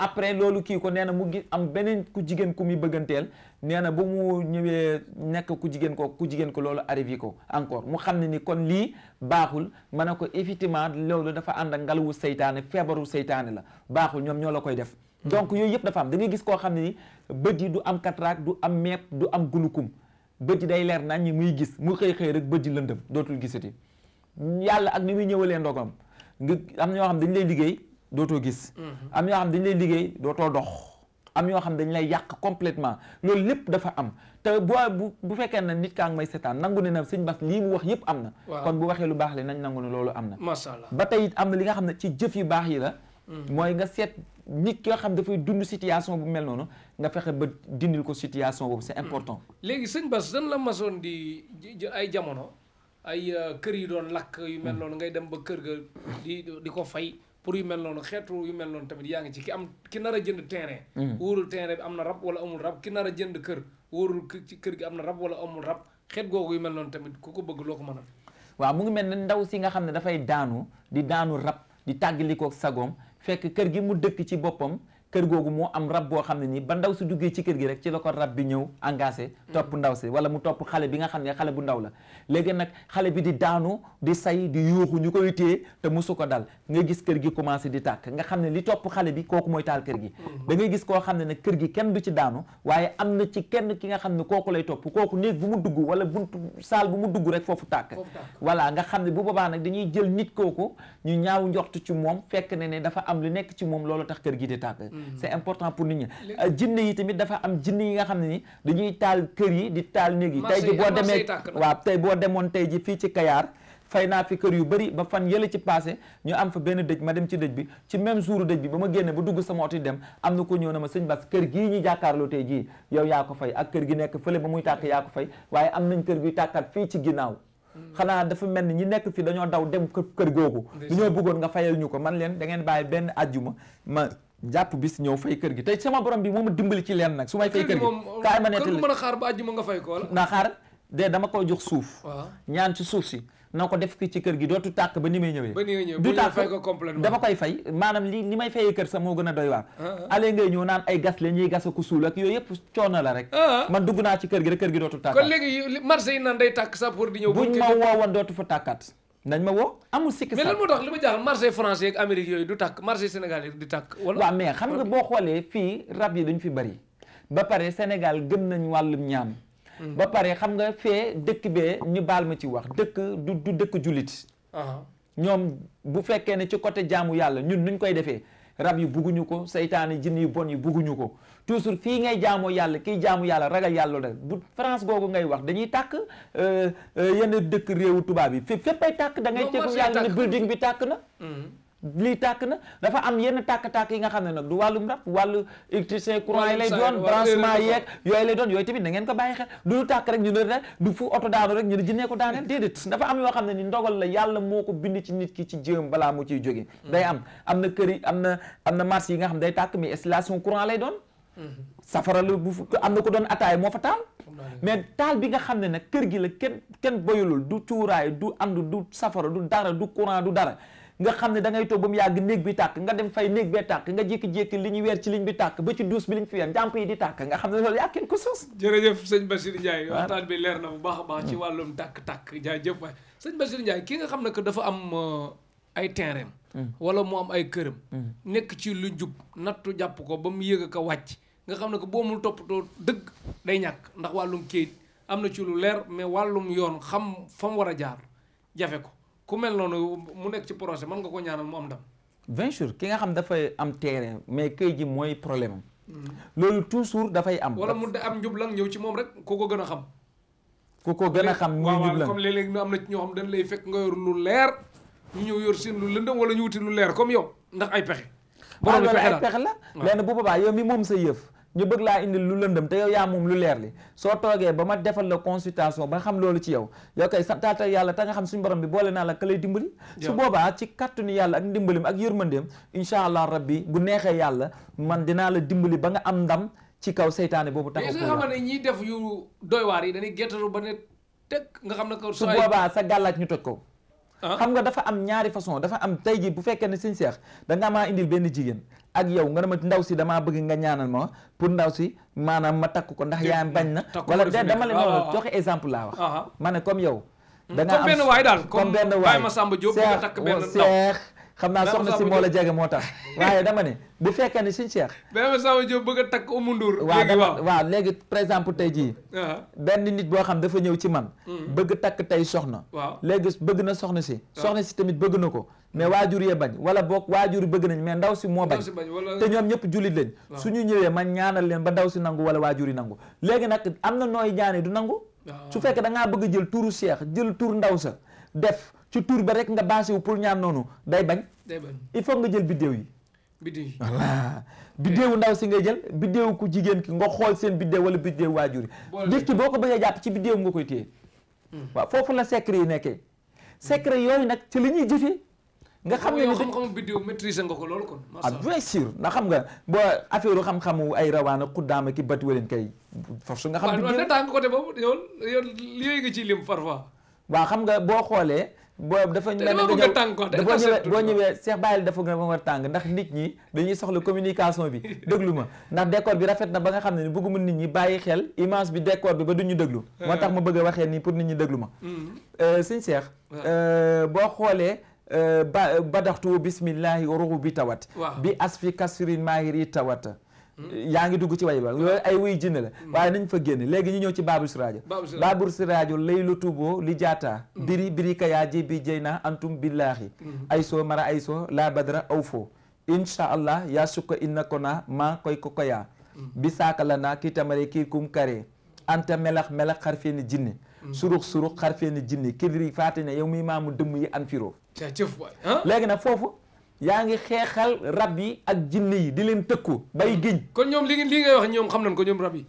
ah, loolu kii ko nee na mu gis am beneen ku jigéen ku muy bëgganteel jigéen nee na ba mu ñëwee nekk ku jigéen ko ku jigéen ko loolu arrivé ko encore mu xam ne ni kon lii baaxul ma ne ko effectivement loolu dafa ànd ak ngalawu seytaane feebaru seytaane la baaxul ñoom ñoo la koy def hmm. donc yooyu yëpp dafa am da gis koo xam ne ni bët yi du am cataracte du am meep du am gulukum bët yi day leer nañ ñi muy gis mu xëy xëy rek bët yi lëndëm dootul gisati yàlla ak ni muy ñëwalee ndogam nga am ñoo xam dañ lay liggéey dootoo gis hmm. am ñoo xam dañ lay liggéey dootoo am yoo xam dañ lay yàq complètement loolu lépp dafa am te boo bu fekkee ne nit kaa ngi may seetaan nangu ne na sëñ Bass lii mu wax yépp am na kon bu waxee lu baax li nañ nangu ne loolu am na masha Allah ba tey it am na li nga xam ne ci jëf yu baax yi la mm. mooy nga seet nit ki nga xam dafay dund situation bu mel noonu nga fexe ba dindi ko situation boobu c'est mm. important léegi sëñ Bass dan la masoon di ay jamono ay euh, kër yi doon lakk yu mel mm. noonu ngay dem ba kër ga di ko fay pour yu mel noonu xeetu yu mel noonu tamit yaa ngi ci ki am ki nar a jënd terrain mm. wóorul terrain bi am na rab wala amul rab ki nar a jënd kër wóorul ci kër gi am na rab wala amul rab xeet googu yu mel noonu tamit ku ko bëgg loo ko mën a waaw mu ngi mel ne ndaw si nga xam ne dafay daanu di daanu rab di tàggalikoo sagoom fekk kër gi mu dëkk ci boppam kër googu moo am rab boo xam ne nii ba ndaw si duggee ci kër gi rek ci la ko rab bi ñëw engagé topp mm-hmm. ndaw si wala mu topp xale bi nga xam ne xale bu ndaw la léegi nag xale bi di daanu di say di yuuxu ñu koy téye te su ko dal nga gis kër gi commencé di tàkk nga xam ne li topp xale bi kooku mooy taal kër gi mm-hmm. dangay gis koo xam ne nag kër gi kenn du ci daanu waaye am na ci kenn ki nga xam ne kooku lay topp kooku néeg bu mu dugg wala buntu saal bu mu dugg rek foofu tàkk voilà nga xam ne bu boobaa nag dañuy jël nit kooku ñu ñaaw njort ci moom fekk ne ne dafa am lu nekk ci moom loolu tax kër gi di tàkk mm-hmm. Hmm. c'est important pour nit ñi euh, jinne yi tamit dafa am jinne yi nga xam ne ni dañuy taal kër yi di taal néeg yi tey ji boo demee waa tey boo demoon tey ji fii ci Kayaar fay naa fi kër yu bëri ba fan yële ci passé ñu am fa benn dëj ma dem ci dëj bi ci même jour dëj bi ba ma génne ba dugg sama oto dem am na ko ñëw na ma sëñ Bass kër gii ñu jàkkaarloo tey jii yow yaa ko fay ak kër gi nekk fële ba muy tàkk yaa ko fay waaye am nañ kër guy tàkkaat fii ci ginnaaw hmm. xanaa dafa mel ni ñi nekk fii dañoo daw dem kër googu dañoo bëggoon nga fayal ñu ko man leen da ngeen bàyyi benn àjjuma ma jàpp bis ñëw fay kër gi tey sama borom bi moo ma dimbali ci leen nag su may fay kër gi kaay ma nettali mën a xaar ba àjjuma nga fay ko la ndax xaar de dama ko jox suuf ñaan ci suuf si na ko def ki ci kër gi dootu tàkk ba ni may ñëwee du tàkk dama koy fay maanaam li li may fayee kër sax moo gën a doy waar ah, ah. ngay ñëw naan ay gas gas ak suul ak yooyu yëpp coono la rek ah, man dugg naa ci kër gi rek kër gi dootu tàkk léegi marché yi naan day tàkk sax pour di ñëw buñ ma woowoon dootu fa tàkkat nañ ma woo amul sikki mais lan moo tax li ma jaaxal marché français Amérique yooyu du tàkk marché sénégalais du tàkk wala waaw mais xam nga boo xoolee fii rab yi dañu fi bari ba pare Sénégal gëm nañ wàllum ñaam hmm. ba pare xam nga fee dëkk bee ñu baal ma ci wax dëkk du dëkk jullit ñoom bu fekkee ne ci côté jaamu yàlla ñun nuñ koy defee rab yi bugguñu ko seytaane jinn yu bon yi bugguñu ko toujours fii ngay jaamoo yàlla kiy jaamu yàlla ragal yàlla loolu bu France googu ngay wax dañuy tàkk euh, euh, yenn dëkk réewu tubaab yi fépp féppay tàkk da ngay ceeb yàlla ne building bi tàkk na mm-hmm. lii tàkk na dafa am yenn tàkk-tàkk yi nga xam ne nag du wàllum rab wàllu électricien courant yi lay doon branchement yeeg yooyu tamit na ngeen ko bàyyi xel du lu tàkk rek ñu ne du fu oto daanu rek ñu ne jëndee ko daaneel déedéet dafa am yoo xam ne ni ndogal la yàlla moo ko bind ci nit ki ci jëm balaa mu ciy jóge mm-hmm. day am am na kër yi am na am na marché yi nga xam ne day tàkk mais installation courant lay doon safara la bu am na ko doon ataay moo fa taal mais taal bi nga xam ne nag kër gi la kenn kenn boyulul du cuuraay du andu du safara du dara du courant du dara nga xam ne da ngay toog ba mu yàgg néeg bi tàkk nga dem fay néeg bee tàkk nga jékki-jékki li ñu weer ci liñ bi tàkk ba ci duus bi liñ fi yi di tàkk nga xam ne loolu yaa kenn ko sos jërëjëf sëñ Bachir Ndiaye waxtaan bi leer na bu baax a baax ci hmm. wàllum ki nga xam ne que dafa am euh, ay terrain hmm. wala mu ay këram hmm. nekk ci lu jub nattu jàpp ko ba mu yëg ko wàcc nga xam ne que boo mul toppatoo dëgg day ñàkk ndax wàllum kayit am na ci lu leer mais wàllum yoon xam fa war a jaar jafe ko ku mel noonu mu nekk ci projet mën nga ko ñaanal mu am ndam. bien sûr ki nga xam dafay am terrain mais kayit ji mooy problème hmm. loolu toujours dafay am. wala mu de am njublang ñëw ci moom rek ku ko gën a xam. ku ko gën a xam muy njublang comme léeg-léeg ñu na ci ñoo xam dañ lay fekk nga yor lu leer ñu ñëw yor seen lu lëndëm wala ñu wuti lu leer comme yow ndax ay pexe. Ah, borom pexe la ay pexe la. lenn bu boobaa yow mi moom sa yëf. ñu bëgg laa indil lu lëndëm te yow yaa moom lu leer li soo toogee ba ma defal la consultation ba xam loolu ci yow yow kay santaatal yàlla te nga xam suñu borom bi boole naa la ka lay dimbali boobaa ci kàttanu yàlla ak ndimbalim ak yërmandeem incha allah rabbi bu neexee yàlla man dinaa la dimbali ba nga am ndam ci kaw seytaane boobu taxaw ko ñiy def yu doy waar yi dañuy gertaru ba ne teg nga xam ne ko su boobaa sa gàllaaj ñu toj ko Ah. xam nga dafa am ñaari façon dafa am tey ji bu fekkee ne sëñ Seex da nga indil benn jigéen ak yow nga ne ma ndaw si damaa bëgg nga ñaanal ma pour ndaw si maanaam ma takk ko ndax yaayam bañ na wala de dama leen wax joxe exemple laa wax ma ne comme yow hmm. da am comme benn waay daal comme benn waay ma Samba Diop takk benn ndaw Seex xam naa soxna si moo la jege moo tax waaye dama ne bu fekkee ne suñu Cheikh Bébé Samba bëgg a takk Oumou Ndour waaw dama waaw léegi par exemple tey jii ah. benn nit boo xam dafa ñëw ci man hmm. bëgg takk tey soxna waaw léegi bëgg na soxna si ah. soxna si tamit bëgg na ko mais hmm. waajur yee bañ wala boog waajur bëgg nañ mais ndaw si moo bañ te ñoom ñëpp jullit lañ suñu ñëwee man ñaanal leen ba ndaw si nangu wala waajur yi nangu léegi nag am na ñooy ñaanee du nangu ah. su fekkee dangaa ngaa bëgg jël turu Cheikh jël tur ndaw sa def ci tur ba rek nga basé wu pour ñaan noonu day bañ. day bañ il nga jël biddéew yi. biddéew yi voilà eh. biddéewu ndaw si ngay jël biddéewu ku jigéen ki nga xool seen biddéew wala biddéew waajur yi. nit ki boo ko bëggee jàpp ci biddéew nga koy téye. Hmm. waaw foofu la secret yi nekkee. secret yooyu nag ci li ñuy jëfee. nga xam ne ni xam-xamu biddéew nga ko loolu kon. ah bien sûr ndax xam nga boo affaire xam-xamu ay rawaana xuddaama ki bati waleen kay. force nga xam biddéew waaw non côté boobu yow yow lii nga ciy lim parfois. xam nga boo xoolee boobu dafa mel ni nga tàng ko boo ñëwee boo ñëwee Cheikh Bayel dafa gën a ba nga tàng ndax nit ñi ñuy soxla communication bi déglu ma ndax décor bi rafet na ba nga xam ne ni bëgguma nit ñi bàyyi xel image bi décor bi ba duñu déglu ah. moo tax ma bëgg a waxee nii pour nit ñi déglu ma mm-hmm. euh, sëñ Cheikh euh, boo xoolee euh, ba badaxtu bismillahi ruhu bi tawat bi asfi kasrin maahiri tawat Hmm? yaa ngi dugg ci way ba yooyu hmm? ay wuy jinne la hmm. waaye nañ fa génn léegi ñu ñëw ci baabur siraajo baabur siraajo lay lu tuboo li jaata biri biri kayaa ji bi jëy naa antum billaahi ay soo mara ay soo laa badara aw foo insha allah yaa sukka inna ko naa maa koy ko koyaa bi saaka la naa kii tamare kii kum kare anta melax melax xarfeeni jinne surux surux xarfeeni jinne kidri faatine yow muy maamu dëmm yi an firoo ah? léegi nag foofu yaa ngi xeexal rab yi ak jinne yi di leen tëkku bay géñ kon ñoom li li ngay wax ñoom xam nañ ko ñoom rab yi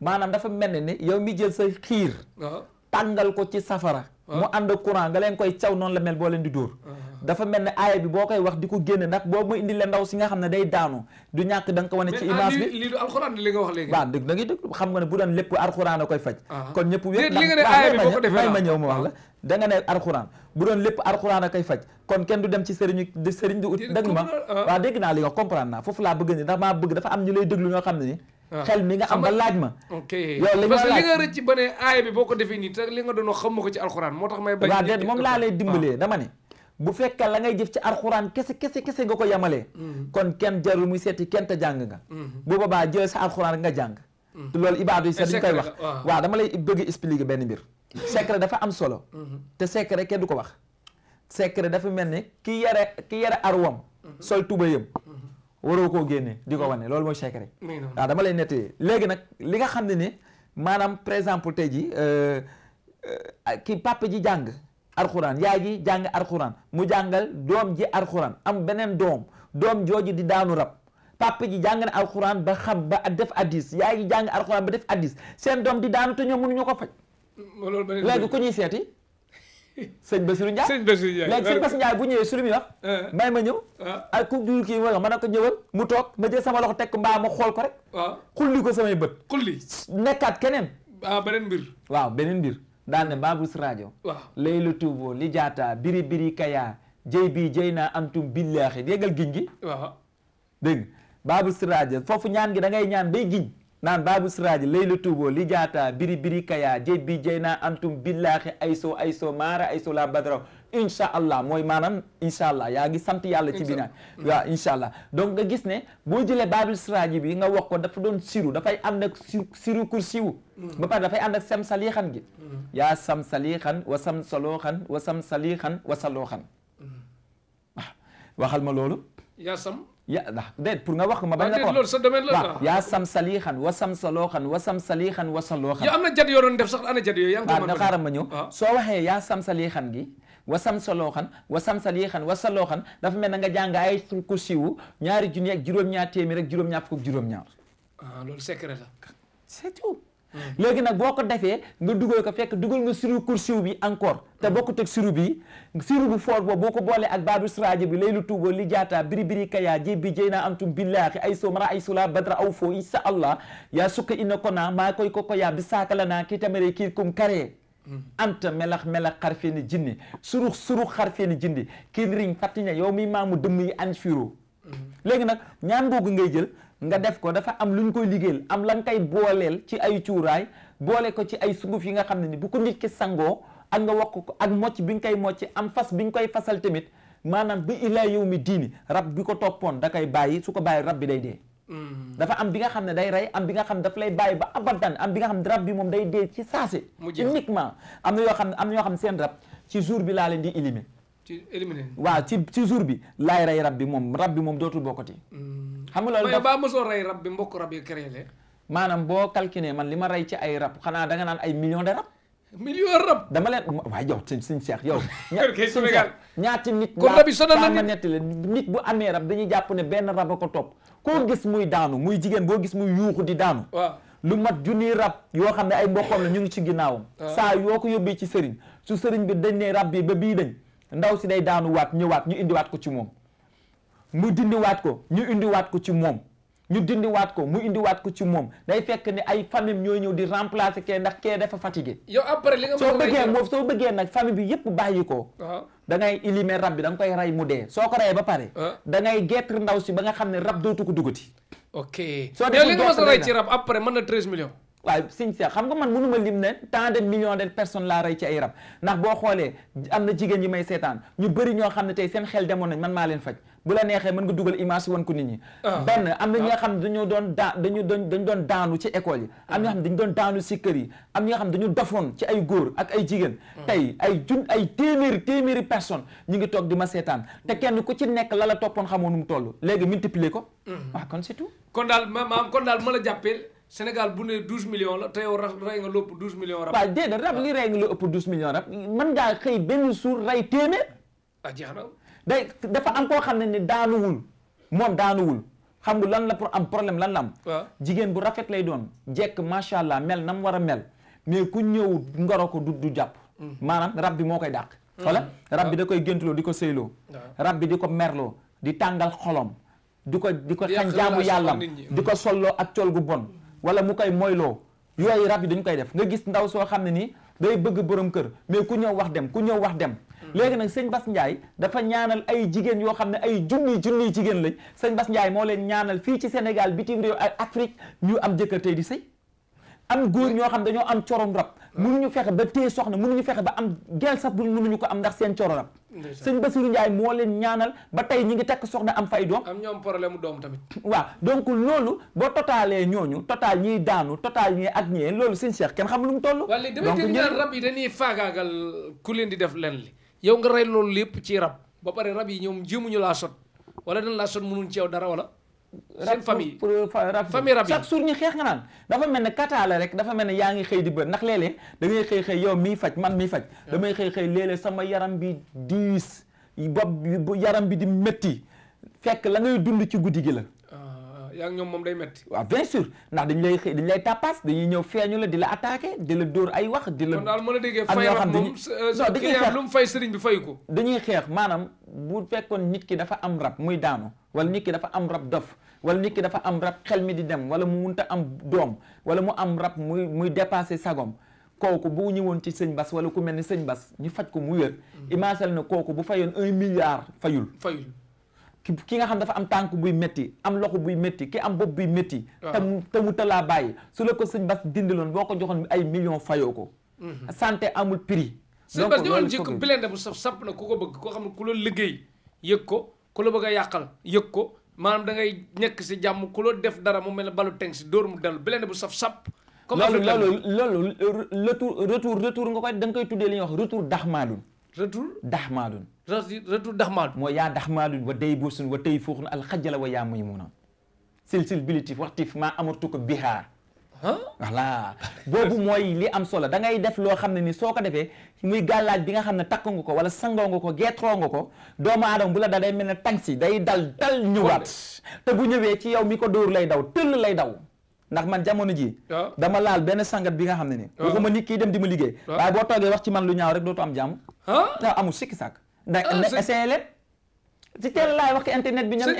maanaam dafa mel ne ni yow mi jël sa xiir ah. tàngal ko ci safara ah. mu ànd ak courant nga leen koy caw noonu la mel boo leen di dóor ah. dafa mel ne aaya bi boo koy wax di ko génne nag boobu ma indi leen ndaw si nga xam ne day daanu du ñàkk da nga ko wane ci ah, image bi lii du alxuraan li nga wax léegi nga ne bu doon lépp alxuraan a koy faj ah. kon ñëpp wér may ma ñëw ma wax la ah. da nga ne alxuraan bu doon lépp alxuraan a koy kon kenn du ci sëriñu di sëriñ di ut naa li nga comprendre naa foofu laa bëgg ni ndax maa bëgg dafa am ñu lay déglu ñoo xam ne ni xel mi nga am ba laaj ma ok yow li nga rëcc ba ne aaya bi boo ko defee nii te li nga doon wax xam ma ko ci alxuraan moo tax may bañ moom laa lay dimbalee dama ne bu fekkee la ngay jëf ci alxuraan kese kese kese nga ko yemalee mm-hmm. kon kenn jarul muy seeti kenn te jàng nga mm-hmm. bu boobaa jël sa alxuraan nga jàng te mm-hmm. loolu ibaadu yi sax duñ koy wax waa dama lay bëgg expliquer benn mbir secret dafa am solo te secret kenn du ko wax secret dafa mel ni ki yare ki yare arwam sol tubayam waroo koo génne di ko wane loolu mooy secret waaw dama lay nettali léegi nag li nga xam ne ni maanaam par exemple tey ji euh, euh, ki papa ji jàng alxuraan yaa gi jàng alxuraan mu jàngal doom ji alxuraan am beneen doom doom jooju di daanu rab papa ji jàng na alxuraan ba xam ba def addis yaa ngi jàng alxuraan ba def addis seen doom di daanu te ñoom mënuñu ko faj. léegi ko ñuy seeti. sëñ Basirou Ndiaye sëñ Basirou Ndiaye léegi sëñ Basirou Ndiaye bu ñëwee su lu muy wax. Eh. may ma ñëw. ak ah. ah, ku dul kii ma ne ko ñëwal mu toog ma jël sama loxo teg ko mbaa ma xool ko rek. waaw ah. xulli ko samay bët. xulli nekkaat keneen. beneen mbir. waaw beneen mbir. daal ne Babus rajo. waaw lu Tuubo li jaata biri biri kayaa jëy bii jëy naa am tum billaahi déggal giñ gi. waaw dégg Babus foofu ñaan gi da ngay ñaan bay giñ. naan baabu siraaji laylu tuuboo li jaata biri biri kayaa jëy bi jëy naa antum billaahi ay soo ay soo maara ay soo la badaraw incha allah mooy maanaam incha allah yaa ngi sant yàlla ci biir waaw incha allah donc nga gis ne boo jëlee baabil siraaji bi nga wax ko dafa doon siru dafay ànd ak si siru kursiwu mm. ba pare dafay ànd ak sam salixan gi mm. yaa sam salixan wa sam salooxan wa sam salixan wa salooxan mm. ah, waxal ma loolu yaa sam ya ndax déet pour nga wax ma bañ ah, la ko loolu sa domaine la waaw yaa sam salixan wa sam salooxan wa sam salixan wa salooxan yow am na jat yoo doon def sax ana jat yooyu yaa ngi ko mën a xaaral ma ñëw ah. soo waxee yaa sam salixan gi wa samsa loo xan wa samsa lii xan wa sa loo xan dafa mel na nga jàng ay kursi wu ñaari junni ak juróom-ñaar téeméer ak juróom-ñaar fukk ah, loolu secret la. c'est tout. Hmm. nag boo ko defee nga dugal ko fekk dugal nga suru kursiw bi encore te hmm. bokkut ak suru bi suru bu foor boobu boo ko boolee ak baadu siraaji bi laylu tuuboo li jaata biri biri kayaa jéb bi jëy naa am tum billaahi ay soo mara ay sula badra aw foo insha allah yaa sukka inna ko naa maa koy ko ko yaa bi saakala naa kii tamare kum karee anta melax melax xarfeeni jinni surux surux xarfeeni jinni kin riñ fattiña yow mi maamu dëmm yi an firo léegi nag ñaan googu ngay jël nga def ko dafa am lu ñu koy liggéeyal am la nga koy booleel ci ay cuuraay boole ko ci ay sunguf yi nga xam ne ni bu ko nit ki sangoo ak nga wax ko ak mocc bi nga koy mocc am fas bi nga koy fasal tamit maanaam ba ilaa yow mi diini rab bi ko toppoon da koy bàyyi su ko bàyyi rab bi day dee Mm. dafa am bi nga xam ne day rey am bi nga xam daf lay bàyyi ba abadan am bi nga xam ne rab bi moom day dee ci saasi uniquement am na yoo xam ne am na yoo xam ne seen rab ci jour bi laa leen di éliminer ci éliminer waaw ci ci jour bi laay rey rab bi moom rab bi moom dootul bokkati mm. xam nga loolu ba mosoo rey rab bi mbokk rab yi maanaam boo calculé man li ma rey ci ay rab xanaa da nga naan ay millions de rab million rab. dama leen waaye yow sëñ sëñ Cheikh yow. ñaati nit. kon rab yi sonal na nit nit bu amee rab dañuy jàpp ne benn rab ko topp. koo gis muy daanu muy jigéen boo gis muy yuuxu di daanu. lu mat junniy rab yoo xam ne ay mboqam la ñu ngi ci ginnaawam. saa yoo ko yóbbee ci sëriñ su sëriñ bi dañ nee rab bi ba bii dañ ndaw si day daanuwaat ñëwaat ñu indiwaat ko ci moom. mu dindiwaat ko ñu indiwaat ko ci moom. ñu dindiwaat ko mu indiwaat ko ci moom day fekk ni ay famille ñooy ñëw di remplacer kee ndax kee dafa fatigué. yow après li nga soo bëggee moom soo bëggee nag famille bi yëpp bàyyi ko. da ngay éliminer rab bi da nga koy rey mu dee soo ko reyee ba pare. da ngay gettir ndaw si ba nga xam ne rab dootu ko duggati. ok soo defee li nga mos rey ci rab après mën na 13 millions. waaye sëñ Seex xam nga man mënu ma lim ne tant de millions de personnes laa rey ci ay rab ndax boo xoolee am na jigéen yi may seetaan ñu bari ñoo xam ne tey seen xel demoon nañ man maa leen faj bu la neexee mën nga dugal image wan ko nit ñi ah. benn am na ñi ah. xam ne dañoo doon daa dañu doon doon daanu ci école yi am na nga xam dañu doon daanu si kër yi am ñi nga xam ne dañu dofoon ci ay góor ak ay jigéen hmm. tey ay jun ay téeméeri téeméeri personnes ñu ngi toog di ma seetaan te kenn ku ci nekk la la toppoon xamoon nu mu toll léegi multiplier ko waaw hmm. ah, kon c'est tout kon daal maam kon Sénégal bu ne 12 millions la te yow rey nga lu ëpp 12 millions. rab waaw déedéet rab li rey nga lu ëpp 12 millions rab mën ngaa xëy benn suur rey téeméer. Ah, jeex na day dafa am koo xam ne ne daanuwul moom daanuwul xam nga lan la pour am problème lan la am. jigéen bu rafet lay doon jekk macha allah mel na mu war a mel mais ku ñëw ngoro ko du du jàpp. Hmm. maanaam rab bi moo koy dàq. wala hmm. rab bi da koy géntuloo di ko sëyloo. rab bi di ko merloo di tàngal xolom di ko di ko yàllam di ko soloo ak col gu bon. wala mu koy moyloo yooyu rab yi dañu koy def nga gis ndaw soo xam ne nii day bëgg borom kër mais ku ñëw wax dem ku ñëw wax dem hmm. léegi nag sëñ Bass Ndiaye dafa ñaanal ay jigéen yoo xam ne ay junni junni jigéen lañ sëñ Bass Ndiaye moo leen ñaanal fii ci Sénégal bitim réew ak Afrique ñu am jëkkër tey di sëy am góor ñoo xam dañoo am corom rab ñu fexe ba téye soxna mënuñu fexe ba am gel sax bu mënuñu ko am ndax seen coro rab sëñ Basiru Njaay moo leen ñaanal ba tey ñi ngi takk soxna am fay doom am ñoom problème doom tamit waa donc loolu boo totaalee ñooñu total ñiy daanu total ñi ak ñee loolu seen Cheikh kenn xam lu mu toll wala damay ñaan rab yi dañuy faagaagal ku leen di def leen li yow nga rey loolu lépp ci rab ba pare rab yi ñoom jéemuñu laa sot wala dañ laa sot mënuñ ci dara wala seen famille pour famille rab chaque jour ñu xeex nga naan dafa mel ne kata rek dafa mel ne yaa ngi xëy di bër ndax léeg dangay da ngay xëy xëy yow miy faj man mi faj damay xëy xëy léeg sama yaram bi diis bopp yaram bi di métti fekk la ngay dund ci guddi gi la ah, yaa ngi ñoom moom day metti waaw bien ndax dañu lay dañu lay tapas dañuy ñëw feeñu la di la attaqué di la dóor ay wax di la daal mën a déggee fay rab moom euh, non dañuy xeex lu mu fay sëriñ bi fay ko dañuy xeex maanaam bu fekkoon nit ki dafa am rab muy daanu wala nit ki dafa am rab dof wala nit ki dafa am rab xel mi di dem wala mu munta am doom wala mu am rab muy muy dépassé sagom kooku bu ñëwoon ci sëñ Bas wala ku mel ni sëñ Bas ñu faj ko mu wér mm-hmm. imaasal na kooku bu fayoon un milliard fayul fayul ki nga xam dafa am tànk buy métti am loxo buy métti ki am bopp buy métti tam te mu talaa bàyyi su la ko sëñ Bas loon boo ko joxoon ay million fayoo ko mm-hmm. sante amul prix sëñ Bas ñëwoon ci bilende bu saf sapp na ku ko bëgg koo xam ne ku la liggéey yëg ko ku la bëgg a yàqal yëg ko maanaam da ngay nekk si jàmm ku def dara mu mel ne balu teng si dóor mu dellu beneen bu saf-sap. comme loolu loolu loolu euh, retour retour retour nga koy da nga koy tuddee li ñuy wax retour daxmaadun. retour daxmaadun. retour daxmaadun. mooy yaa daxmaadun wa day buusun wa tey fuuxun alxajala wa yaa muymuuna silsil bilitif waxtif maa amartu ko bihaar voilà boobu mooy li am solo da ngay def loo xam ne ni soo ko defee muy gàllaaj bi nga xam ne takk nga ko wala sangoo nga ko geetroo nga ko doomu aadama bu la da day mel na tang si day dal dal ñëwaat te bu ñëwee ci yow mi ko dóor lay daw tëll lay daw ndax man jamono ji ah. dama laal benn sangat bi nga xam ne ni ah. waxuma nit kii dem di ma liggéey ah. waaye boo toogee wax ci man lu ñaaw rek dootu am jàmm waaw amul sikki sàkk da essayé leen si teel laay wax internet bi ñoom.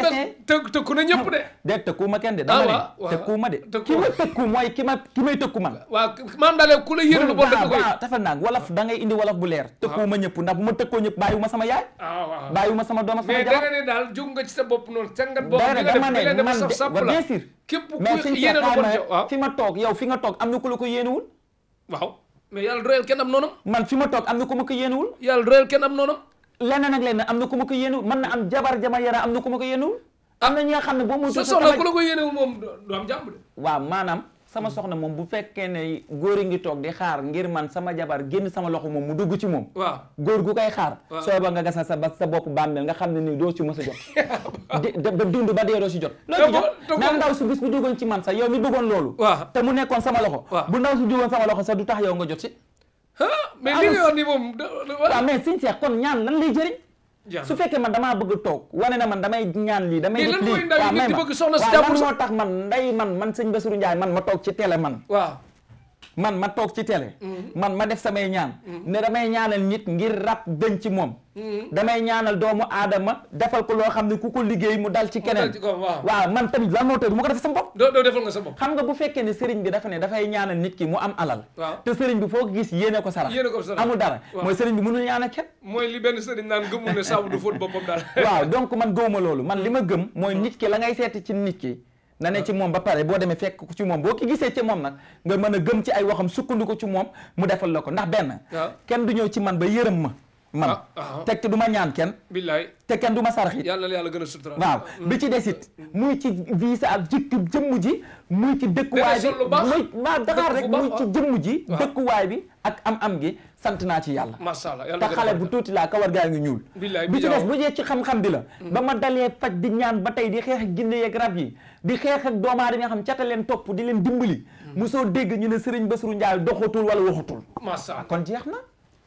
te tëkku na ñëpp de. tëkku ma kenn de. Ah, dama ne tëkku ma de. ki ma tëkku mooy ki ma ki may tëkku man. ku la yëre lu bon dëkk koy tafal naa wolof da ngay indi wolof bu leer. tëkku ma ñëpp ndax ma tëkkoo ñëpp bàyyiwu ma sama yaay. Ah, bàyyiwu ma sama doom sama jabar. daal jóg nga sa bopp noonu. sangat boo xam ne dama ne man de bien sûr. képp ku yéene lu bon fi ma toog yow fi nga toog am na ku la ko yéenewul. waaw mais yàlla doyal kenn am noonam. man fi ma toog am na ku ma ko yéenewul. yàlla doyal kenn am leneen ak leneen am na ku ma ko yéenu man na am jabar jama yara am na ku ma ko yéenuwul am na ñi nga xam ne boo mu sa soxna ku la ko yéenewu moom du am jàmm de waaw maanaam moom bu fekkee ne góor yi ngi toog di xaar ngir man sama jabar génn sama loxo moom mu dugg ci moom waaw góor gu koy xaar soo ba nga gasal sa ba sa bopp bàmmeel nga xam ne ni doo ci mës a jot ba dund ba dee doo si jot loolu jot ndax ndaw si bis bu duggoon ci man sax yow mi bëggoon loolu te mu nekkoon sama loxo bu ndaw si duggoon sama loxo sax du tax yow nga jot si mais ah, li nga wax ni moom. waaw mais Cynthia kon ñaan lan lay jëriñ. su fekkee man damaa bëgg toog wane na man damay ñaan lii damay def lii waaw mais man waaw lan moo tax man nday man man sëñ Bassirou Ndiaye man ma toog ci télé man waaw man ma toog ci télé. Mm-hmm. man ma def samay ñaan. Mm-hmm. ne damay ñaanal nit ngir rab dañ ci moom. Mm-hmm. damay ñaanal doomu aadama defal ko loo xam ne ku ko liggéey mu dal ci keneen. waaw man tamit lan moo tax du ma ko def sama bopp. doo doo defal nga sa bopp. xam nga bu fekkee ne sëriñ bi dafa ne dafay ñaanal nit ki mu am alal. waaw te sëriñ bi foo ko gis yéene ko sarax. amul dara mooy sëriñ bi mënul ñaanal kenn. mooy li benn sëriñ naan gëmul ne saabu du fóot boppam daal. waaw donc man gëmuma loolu man li ma gëm mooy nit ki la ngay seeti ci nit ki na ne ci moom ba pare boo demee fekk ko ci moom boo ko gisee ci moom nag nga mën a gëm ci ay waxam sukkandiku ci moom mu defal la ko ndax benn kenn du ñëw ci man ba yërëm ma man ah, ah. teg te du ma ñaan kenn billaay te kenn du ma saraxit yàlla yàlla gën a sutura waaw mm. bi ci des desit muy ci visa ak jikki jëmm ji muy ci dëkkuwaay bi muy waaw daxaar rek muy ci jëmm ji dëkkuwaay bi ak am am gi sant naa ci yàlla te xale bu tuuti laa kawar gaa ngi ñuul bi ci des bu jee ci xam-xam bi la mm. ba ma dalee faj di ñaan ba tey di xeex ak jinne yeeg rab yi di xeex ak doomaa di nga xam cata leen topp di leen dimbali mm. mosoo dégg ñu ne Serigne Bassirou Ndiaye doxatul wala waxatul kon jeex na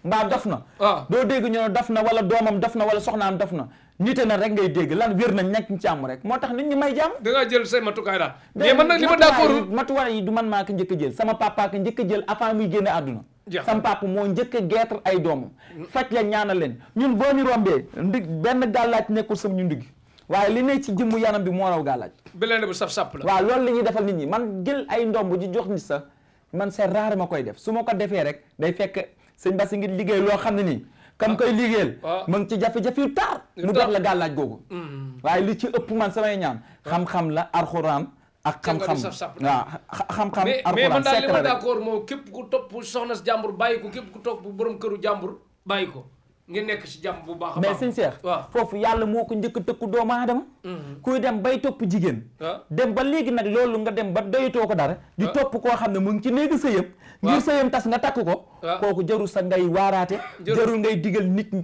mbaa dof na ah. doo dégg ñu ne dof na wala doomam dof na wala soxnaam dof na nite na rek ngay dégg lan wér nañ nekk ci am rek moo tax nit ñi may jàmm da jël say matukaay daal mais man nag li ma d'accord yi du man maa ko njëkk jël sama papa ko njëkk jël avant muy génne àdduna sama papa moo njëkk a geetar ay doomam faj leen ñaanal leen ñun boo ñu rombee ndig benn gàllaaj nekkul sam ñu ndig waaye li ne ci jëmmu yanam bi moo raw gàllaaj beneen bu saf sap la waa lool la ñuy defal nit ñi man jël ay ndomb ji jox nit sax man c'est rare ma koy def su ma ko defee rek day fekk sëñ Bass ngir liggéey loo xam ne nii kam koy liggéeyal ah. ma ngi ci jafe-jafe yu taar mu dox la gàllaaj googu mm. waaye li ci ëpp man samay ñaan ah. xam-xam la arxuraan ak xam-xam waaw xam-xam mais man daal li ma d'accord moom képp ku topp soxna si jàmbur bàyyi ko képp ku topp borom këru jàmbur bàyyi ko ngeen nekk ci jàmm bu baax a baax mais sëñ Cheikh waaw foofu yàlla moo ko njëkk tëkku doomu aadama mm-hmm. kuy dem bay topp jigéen ah. dem ba léegi nag loolu nga dem ba doyatoo ko dara di ah. topp koo xam ne mu ngi ci néegi sëyam ah. ngir sëyam tas nga takk ko kooku jarul sa ngay waaraate jarul ngay digal nit ñi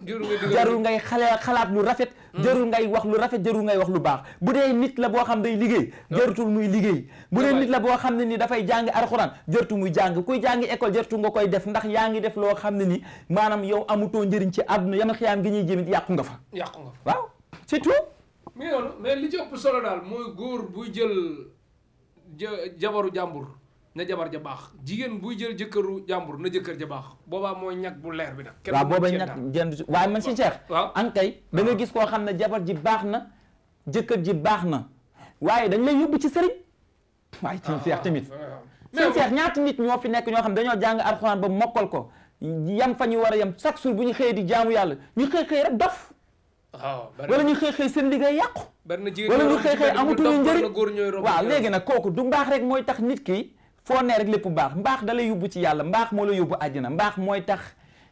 jarul ngay xale xalaat lu rafet jarul ngay wax lu rafet jarul ngay wax lu baax bu dee nit la boo xam day liggéey jarutul muy liggéey bu dee nit la boo xam ne nii dafay jàng arxuraan jartu muy jàng kuy jàngi école jartu nga koy def ndax yaa ngi def loo xam ne ni maanaam yow amutoo njëriñ ci àdduna yamal xiyaam gi ñuy jëmit yàqu nga fa yàqu nga fa waaw c'est tout mais li ci ëpp solo daal mooy góor buy jël jabaru jàmbur na jabar ja baax jigéen buy jël jëkkëru jàmbur na jëkkër ja baax boobaa mooy ñag bu leer bi nag. kenn waaw booba ñag jënd waaye man si Cheikh. waaw an kay danga gis koo xam ne jabar ji baax na jëkkër ji baax na waaye dañ lay yóbbu ci sëriñ. waaye ci Cheikh ah, tamit. mais Cheikh ñaata nit ñoo fi nekk ñoo xam dañoo jàng alxuraan ba mokkal ko yam fa ñu war a yam chaque jour bu ñu xëyee di jaamu yàlla ñu xëy xëy rek dof. Ah, wala ñu xëy xëy seen liggéey yàqu. wala ñu xëy xëy amatuñu njëriñ waaw léegi nag kooku du mbaax rek mooy tax nit ki foo nee rek lépp baax mbaax da lay yóbbu ci yàlla mbaax moo la yóbbu àjjana mbaax mooy tax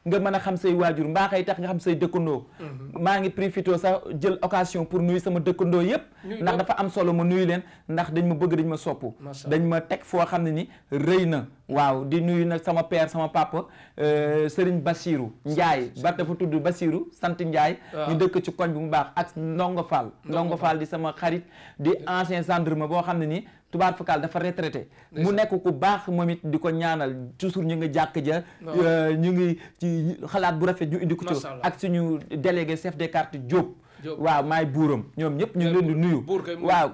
nga mën a xam say waajur mbaaxay tax nga xam say dëkkandoo mm-hmm. maa ngi profité sa jël occasion pour nuyu sama dëkkandoo yépp ndax dafa am solo ma nuyu leen ndax dañ ma bëgg dañ ma sopp dañ ma teg foo xam ne ni rëy na waaw di nuyu nag sama père sama papa euh, Serigne Bassirou Ndiaye ba dafa tudd Bassirou sant Ndiaye ñu dëkk ci koñ bi mu baax ak Ndongo Fall Ndongo Fall di sama xarit di ancien ma boo xam ne ni tubaar fakal dafa retraité mu nekk ku baax moom it di ko ñaanal toujours ñu ngi jàkk ja euh, ñu ngi ci xalaat bu rafet ñu indi ko ci ak suñu délégué chef de cartes Diop waaw maay buuram ñoom ñëpp ñu ngi leen di nuyu waaw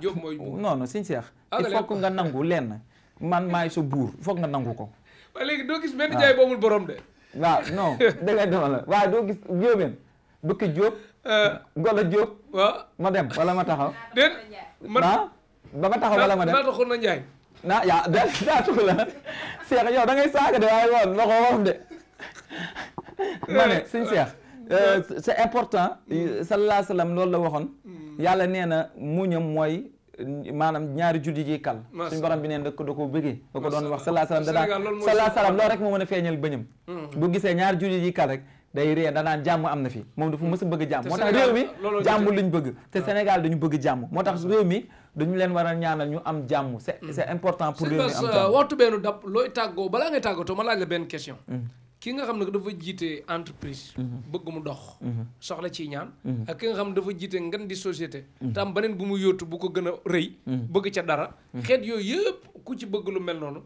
non non sëñ Cheikh ah, il faut que nga nangu leen lenn man maay sa buur foog nga nangu ko waaw léegi doo gis benn jaay boomul borom de waaw dangay demal la waaw doo gis jóobeen bëkki jóob golo jóob ma dem wala ma taxaw déet ba ma taxaw wala ma dem naa yaa daa daa la Cheikh da ngay saaga de waaye woon loxo wax de ma ne Euh, c'est important mm. euh, sallallahu alayhi wa sallam loolu la waxoon mm. yàlla nee na muñam mooy euh, maanaam ñaari julli yi kal suñu borom bi neen da ko da bëggee da ko doon wax sallallahu alayhi wa rek moo mën feeñal bëñam mm. bu gisee ñaari julli yi kal rek day ree danaan jàmm am na fi moom dafa mës a bëgg jàmm moo tax réew mi jàmm luñ bëgg te ah. Sénégal dañu bëgg jàmm moo tax réew mi dañu leen war a ñaanal ñu am jàmm c'est important pour réew mi am jàmm waxtu benn dab looy benn question ki nga xam ne dafa jiite entreprise. Mhm. bëgg mu dox. Mhm. soxla ci ñaan. Mhm. ak ki nga xam ne dafa jiite ngan di société. tam beneen bu mu yóotu bu ko gën a rëy. bëgg ca dara. xeet yooyu yëpp ku ci bëgg lu mel noonu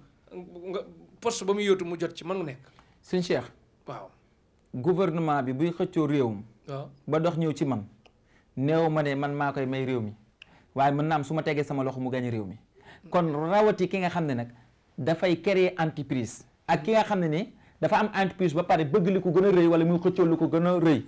nga poste ba muy yóotu mu jot ci mën nekk. sëñ Cheikh. waaw gouvernement bi buy xëccoo réewum. waaw ba dox ñëw ci man. néew ma ne man maa koy may réew mi waaye mën naa am su ma tegee sama loxo mu gañ réew mi. kon rawati ki nga xam ne nag dafay créer entreprise. ak ki nga xam ne ni. dafa am entreprise ba pare bëgg lu ko gën a rëy wala muy xëccoo lu ko gën a rëy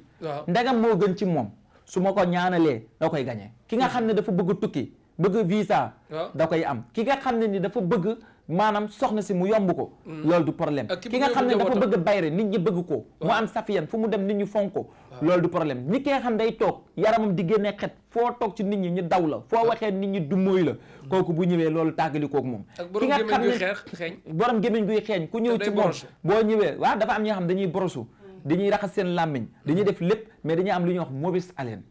ndegam moo gën ci moom su ma ko ñaanalee da koy gañee ki nga hmm. xam ne dafa bëgg tukki bëgg visa da koy am ki nga xam ne ni dafa bëgg maanaam soxna si mu yomb ko hmm. loolu du problème ah, ki nga xam ne dafa bëgg bayre nit ñi bëgg ko mu am safiyan fu mu dem nit ñi fonko loolu du problème ni ki nga xam day toog yaramam di génne xet foo toog ci nit ñi ñi daw la foo waxee nit ñi du mooy la mm. kooku bu ñëwee loolu tàggali koog moom ki nga xam ne borom gémmiñ guy xeeñ ku ñëw ci moom boo ñëwee waaw dafa am ñoo xam dañuy borosu mm. dañuy raxas seen làmmiñ dañuy def lépp mais dañuy am lu ñuy wax mauvaise haleine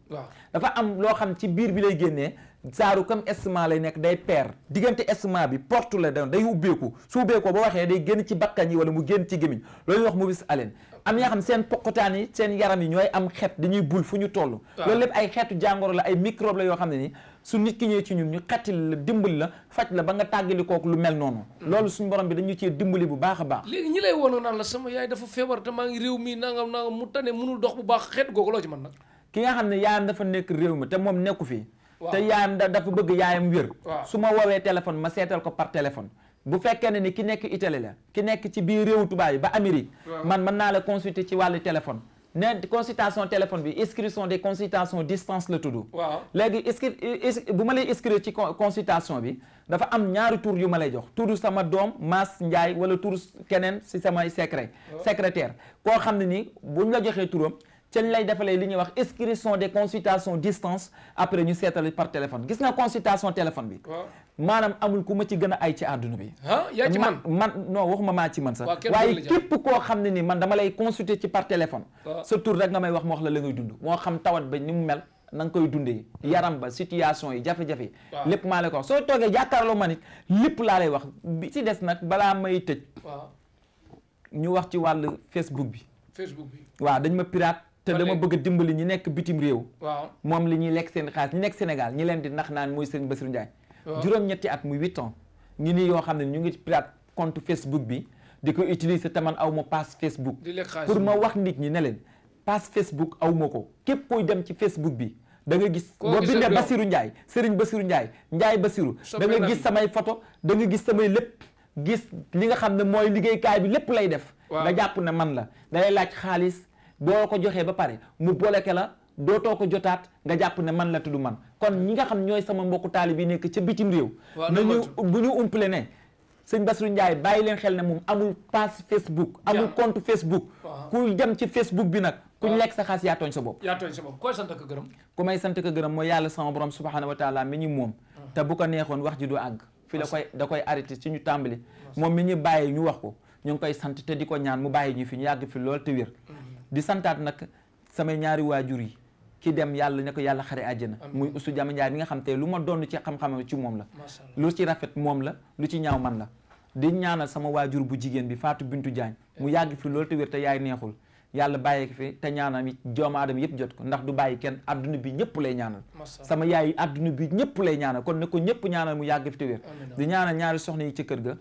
dafa am loo xam ci biir bi lay génnee saaru comme estomac lay nekk day peer diggante estomac bi porte la day ubbeeku su ubbeekoo boo waxee day génn ci bakkan yi wala mu génn ci gémmiñ loolu ñuy wax mauvaise haleine am ñoo xam seen poqotaan yi seen yaram yi ñooy am xet dañuy bul fu ñu toll loolu lépp ay xeetu jàngoro la ay microbe la yoo xam ne ni su nit ki ñëwee ci ñun ñu xettil la dimbali la faj la ba nga tàggali kook lu mel noonu hmm. loolu suñ borom bi dañu cee dimbali bu baax a baax léegi ñi lay woonoo naan la sama yaay dafa feebar te maa ngi réew mi nangam nangam mu tane mënul dox bu baax xeet googu loo ci mën nag ki nga xam ne yaayam dafa nekk réew mi te moom nekku fii te yaayam da dafa bëgg yaayam wér su ma woowee téléphone ma seetal ko par téléphone bu fekkee ne ni ki nekk Italie la ki nekk ci biir réew tubaab yi ba Amérique man mën naa la consulter ci wàllu téléphone ne consultation téléphone bi inscription des consultations distance la tudd waaw léegi inscri bu ma lay inscrire ci consultation bi dafa am ñaari tur yu ma lay jox tur sama doom Mass Ndiaye wala tur keneen si samay secret oh. secrétaire koo xam ne ni buñ la joxee turam ci lay defalee li ñu wax inscription des consultations distance après ñu seetale par téléphone gis nga consultation téléphone bi. maanaam amul ku ma ci gën a ay ci àdduna bi. ah yaa ci man man non waxuma maa ci man sax. waaye képp koo xam ne ni man dama lay consulter ci par téléphone. sa tur rek nga may wax ma wax la la ngay dund moo xam tawat ba ni mu mel. nanga koy dundee yaram ba situation yi jafe-jafe lépp maa lay ko wax soo toogee jàkkaarloo ma nit lépp laa lay wax bi ci des nag balaa may tëj ñu wax ci wàllu Facebook bi Facebook bi dañ ma pirate te dama bëgg dimbali ñi nekk bitim réew. waaw moom li ñuy lekk seen xaalis ñi nekk Sénégal ñi leen di nax naan mooy Serigne Bassirou Ndiaye. juróom-ñetti at mu huit ans. ñu ni yoo xam ne ñu ngi pirate compte Facebook bi di ko utiliser te man aw ma pass Facebook. pour ma wax nit ñi ne leen pass Facebook aw ma ko képp koy dem ci Facebook bi. da nga gis boo bindee Bassirou Ndiaye Serigne Bassirou Ndiaye njaay Bassirou da nga gis samay photo da nga gis samay lépp gis li nga xam ne mooy liggéeykaay bi lépp lay def. nga jàpp ne man la boo ko joxee ba pare mu booleke la dootoo ko jotaat nga jàpp ne man la tudd man kon ñi nga xam ñooy sama mbokku taalib yi nekk ca bitim réew nañu bu ñu umpale ne sëñ Bassirou Ndiaye bàyyi leen xel ne moom amul page Facebook amul compte Facebook ku dem ci Facebook bi nag kuñ lekk sa xaas yaa tooñ sa bopp yaa tooñ sa bopp koy ko gërëm ku may sant ko gërëm mooy yàlla sama borom subhanahu wa taala mi ñu moom ah. te bu ko neexoon wax ji du àgg fi la koy da koy arrêté ci ñu tàmbali moom mi ñu bàyyi ñu wax ko ñu ngi koy sant te ñu fi ñu yàgg fi lool te di santaat nag samay ñaari waajur yi ki dem yàlla ne ko yàlla xare na muy ustu jama njaay mi nga xam te lu ma doon ci xam-xam ci moom la lu ci rafet moom la lu ci ñaaw man la di ñaanal sama waajur bu jigéen bi Fatou Bintou Diagne mu yàgg fi loolu te te yaay neexul yàlla bàyyi ko fi te ñaanam yi doomu aadama yëpp jot ko ndax du bàyyi kenn adduna bi ñëpp lay ñaanal sama yaay àdduna bi ñëpp lay ñaanal kon ne ko ñëpp ñaanal mu yàgg fi te wér di ñaanal ñaari soxna yi ci kër ga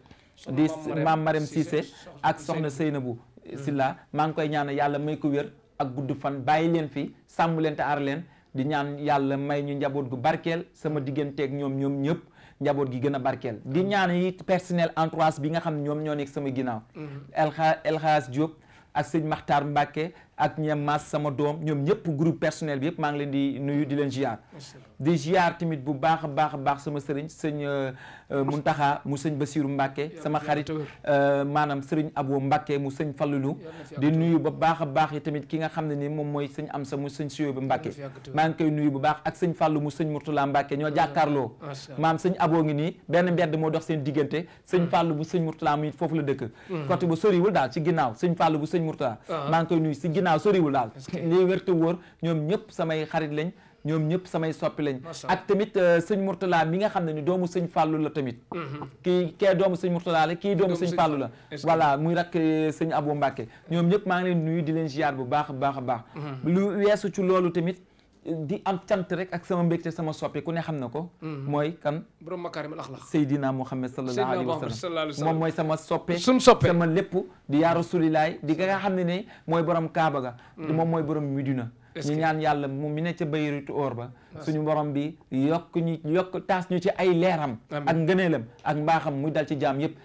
di maam Marème Cissé ak soxna Seynabou Silla maa ngi koy ñaanal yàlla may ko wér ak gudd fan bàyyi leen fi sàmm leen te aar leen di ñaan yàlla may ñu njaboot gu barkeel sama digganteeg ñoom ñoom ñëpp njaboot gi gën a barkeel di ñaan yi personnel entourage bi nga xam ñoom ñoo nekk sama ginnaaw. Mm-hmm. Elha Elhas Diop ak sëñ Makhtar Mbacke ak ña mas sama doom ñoom ñëpp groupe personnel bi yëpp maa ngi leen di nuyu di leen ziar. di ziar tamit bu baax a baax a baax sama sëriñ sëñ euh, euh, Muntaxa mu sëñ Basiru Mbàkke sama xarit euh, maanaam sëriñ Abo Mbàkke mu sëñ Fallulu di nuyu ba baax a baax yi tamit ki nga xam ne ni moom mooy sëñ Amsa mu sëñ Siyo bi Mbàkke maa ngi koy nuyu bu baax ak sëñ Fallu mu sëñ Murtala Mbàkke ñoo jàkkaarloo maam sëñ aboo ngi nii benn mbedd moo dox seen diggante sëñ Fallu bu sëñ Murtala mu foofu la dëkk mm-hmm. côté bu soriwul daal ci ginnaaw sëñ Fallu bu sëñ Murtala ah. maa ngi koy nuyu si ginnaaw ginnaaw soriwul daal li wérte wóor ñoom ñëpp samay xarit lañ ñoom ñëpp samay soppi lañ ak tamit euh, sëñ Mourtala mi nga xam ne ni doomu sëñ Fallou la tamit mm-hmm. kii kee doomu sëñ Mourtala la kii doomu sëñ Fallou la voilà muy rakk euh, sëñ Abou Mbacke ñoom ñëpp maa ngi leen nuyu di leen ziar bu baax baax a baax mm-hmm. lu weesu ci loolu tamit di am cant rek ak sama mbégte sama soppe ku ne xam na ko. Mm-hmm. mooy kan. borom makaarim al axlaq. Seydina Muhammad sallallahu alayhi wa sallam moom mooy sama soppe. sum soppe sama lépp di yaa rasulilaay di nga xam ne ne mooy borom Kaaba ga. Mm-hmm. moom mooy borom Midina. ñu ñaan yàlla moom mi ne ca bayritu oor ba ah. suñu borom bi yokk ñu yokk taas ñu ci ay leeram ak ngeneelam ak mbaaxam mu dal ci jaam yëpp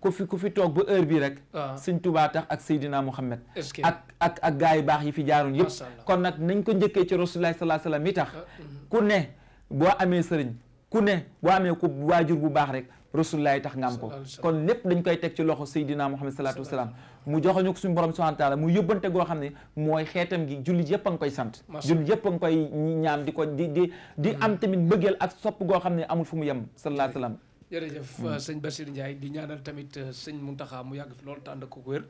ku fi ku fi toog ba heure bi rek ah. sëñ Tuubaa tax ak Seydina Muhammad ak ak ak gaa yu baax yi fi jaaroon yëpp kon nag nañ ko njëkkee ci Rasulullaah sallallaahu alayhi wa sallam mi tax ah, mhm. ku ne boo amee sëriñ ku ne boo amee ku waajur bu baax rek Rasulullaah tax nga ko kon lépp dañ koy teg ci loxo Seydina Muhammad salaatu wa salaam mu joxoñu ko suñu borom subhanahu wa taala mu yóbbante goo xam ne mooy xeetam gi jullit yëpp a ngi koy sant jullit yëpp nga koy ñaan di ko di di di hmm. am tamit mbëggeel ak sopp goo xam ne amul fu mu yem sallallahu alayhi wa sallam jërëjëf hmm. euh, sëñ Bassirou Ndiaye di ñaanal tamit euh, sëñ Mountakha mu yàgg fi loolu te ànd ko wér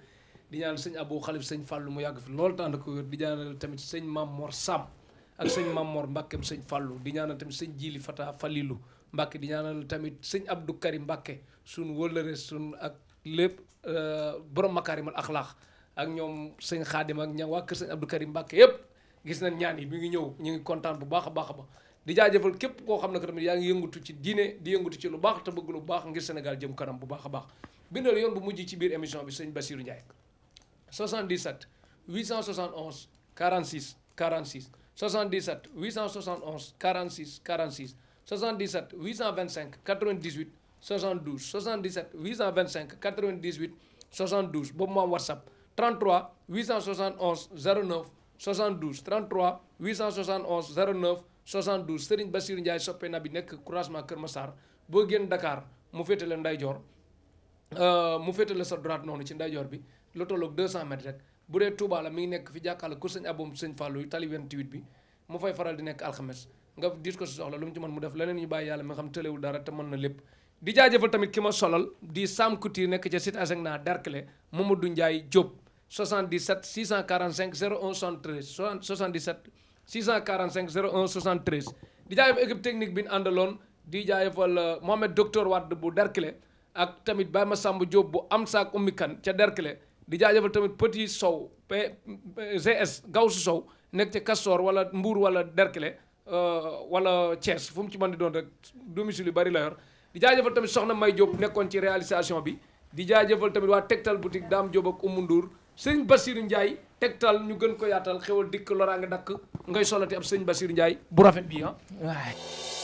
di ñaanal sëñ Abou Khalif sëñ Fallou mu yàgg loolu te ànd ko di ñaanal tamit sëñ Mam Mor Sam ak sëñ Mam Mor Mbàkkem sëñ Fallou di ñaanal tamit sëñ Jili Fata Falilou Mbàkke di ñaanal tamit sëñ Abdou Karim Mbàkke suñ wëllëre suñ ak lépp euh, borom makaarimal axlaax ak ñoom sëñ xaadim ak ña waa kër sëñ Abdou Karim Mbàkke yëpp gis nañ ñaan yi mu ngi ñëw ñu ngi kontaan bu baax a baax ba di jaajëfal képp koo xam ne que tamit yaa ngi yëngatu ci diine di yëngatu ci lu baax te bëgg lu baax ngir Sénégal jëm kanam bu baax a baax bindal yoon bu mujj ci biir émission bi sëñ Bassirou Ndiaye 77 871 46 46 77 871 46 46 77 825 98 72 77 825 98 72 boobu moo am whatsapp 33 871 09 72 33 871 09 72 Serigne Bassirou Ndiaye soppe na bi nekk croisement Kër Massar boo génn Dakar mu féete la ndeyjoor euh, mu féete sa droite noonu ci ndeyjoor bi lu tolloog 200 mètres rek bu dee Touba la mi ngi nekk fi jàkkaarloo ko sëñ Aboum sëñ Fallou yu tali 28 bi mu fay faral di nekk alxames nga diis ko si soxla lu mu ci mën mu def leneen ñu bàyyi yàlla mi xam tëlewul na lépp di jaajëfal tamit ki ma solal di Sam Couture nekk ca site Asegna Derklé Mamadou Ndiaye Diop 77 645 01 73 77 645 01 73 di jaajëfal équipe technique bi ñu àndaloon di jaajëfal euh, Mohamed docteur Wade bu Derklé ak tamit Baye Massamba Diop bu am saak ummi kan ca Derklé di jaajëfal tamit Petit Sow P GS Gawsu Sow nekk ca Castor wala mbuur wala Derklé euh, wala cees fu mu ci mën di doon rek domicile yu bari la di jaajëfal tamit soxna May Diop nekkoon ci réalisation bi di jaajëfal tamit waa Tektal boutique Dame Diop ak Oumou nduur sëñ Basiru Ndiaye tegtal ñu gën ko yaatal xewal dikk loraa nga dakk ngay solati ab sëñ Basiru Ndiaye bu rafet bi ah.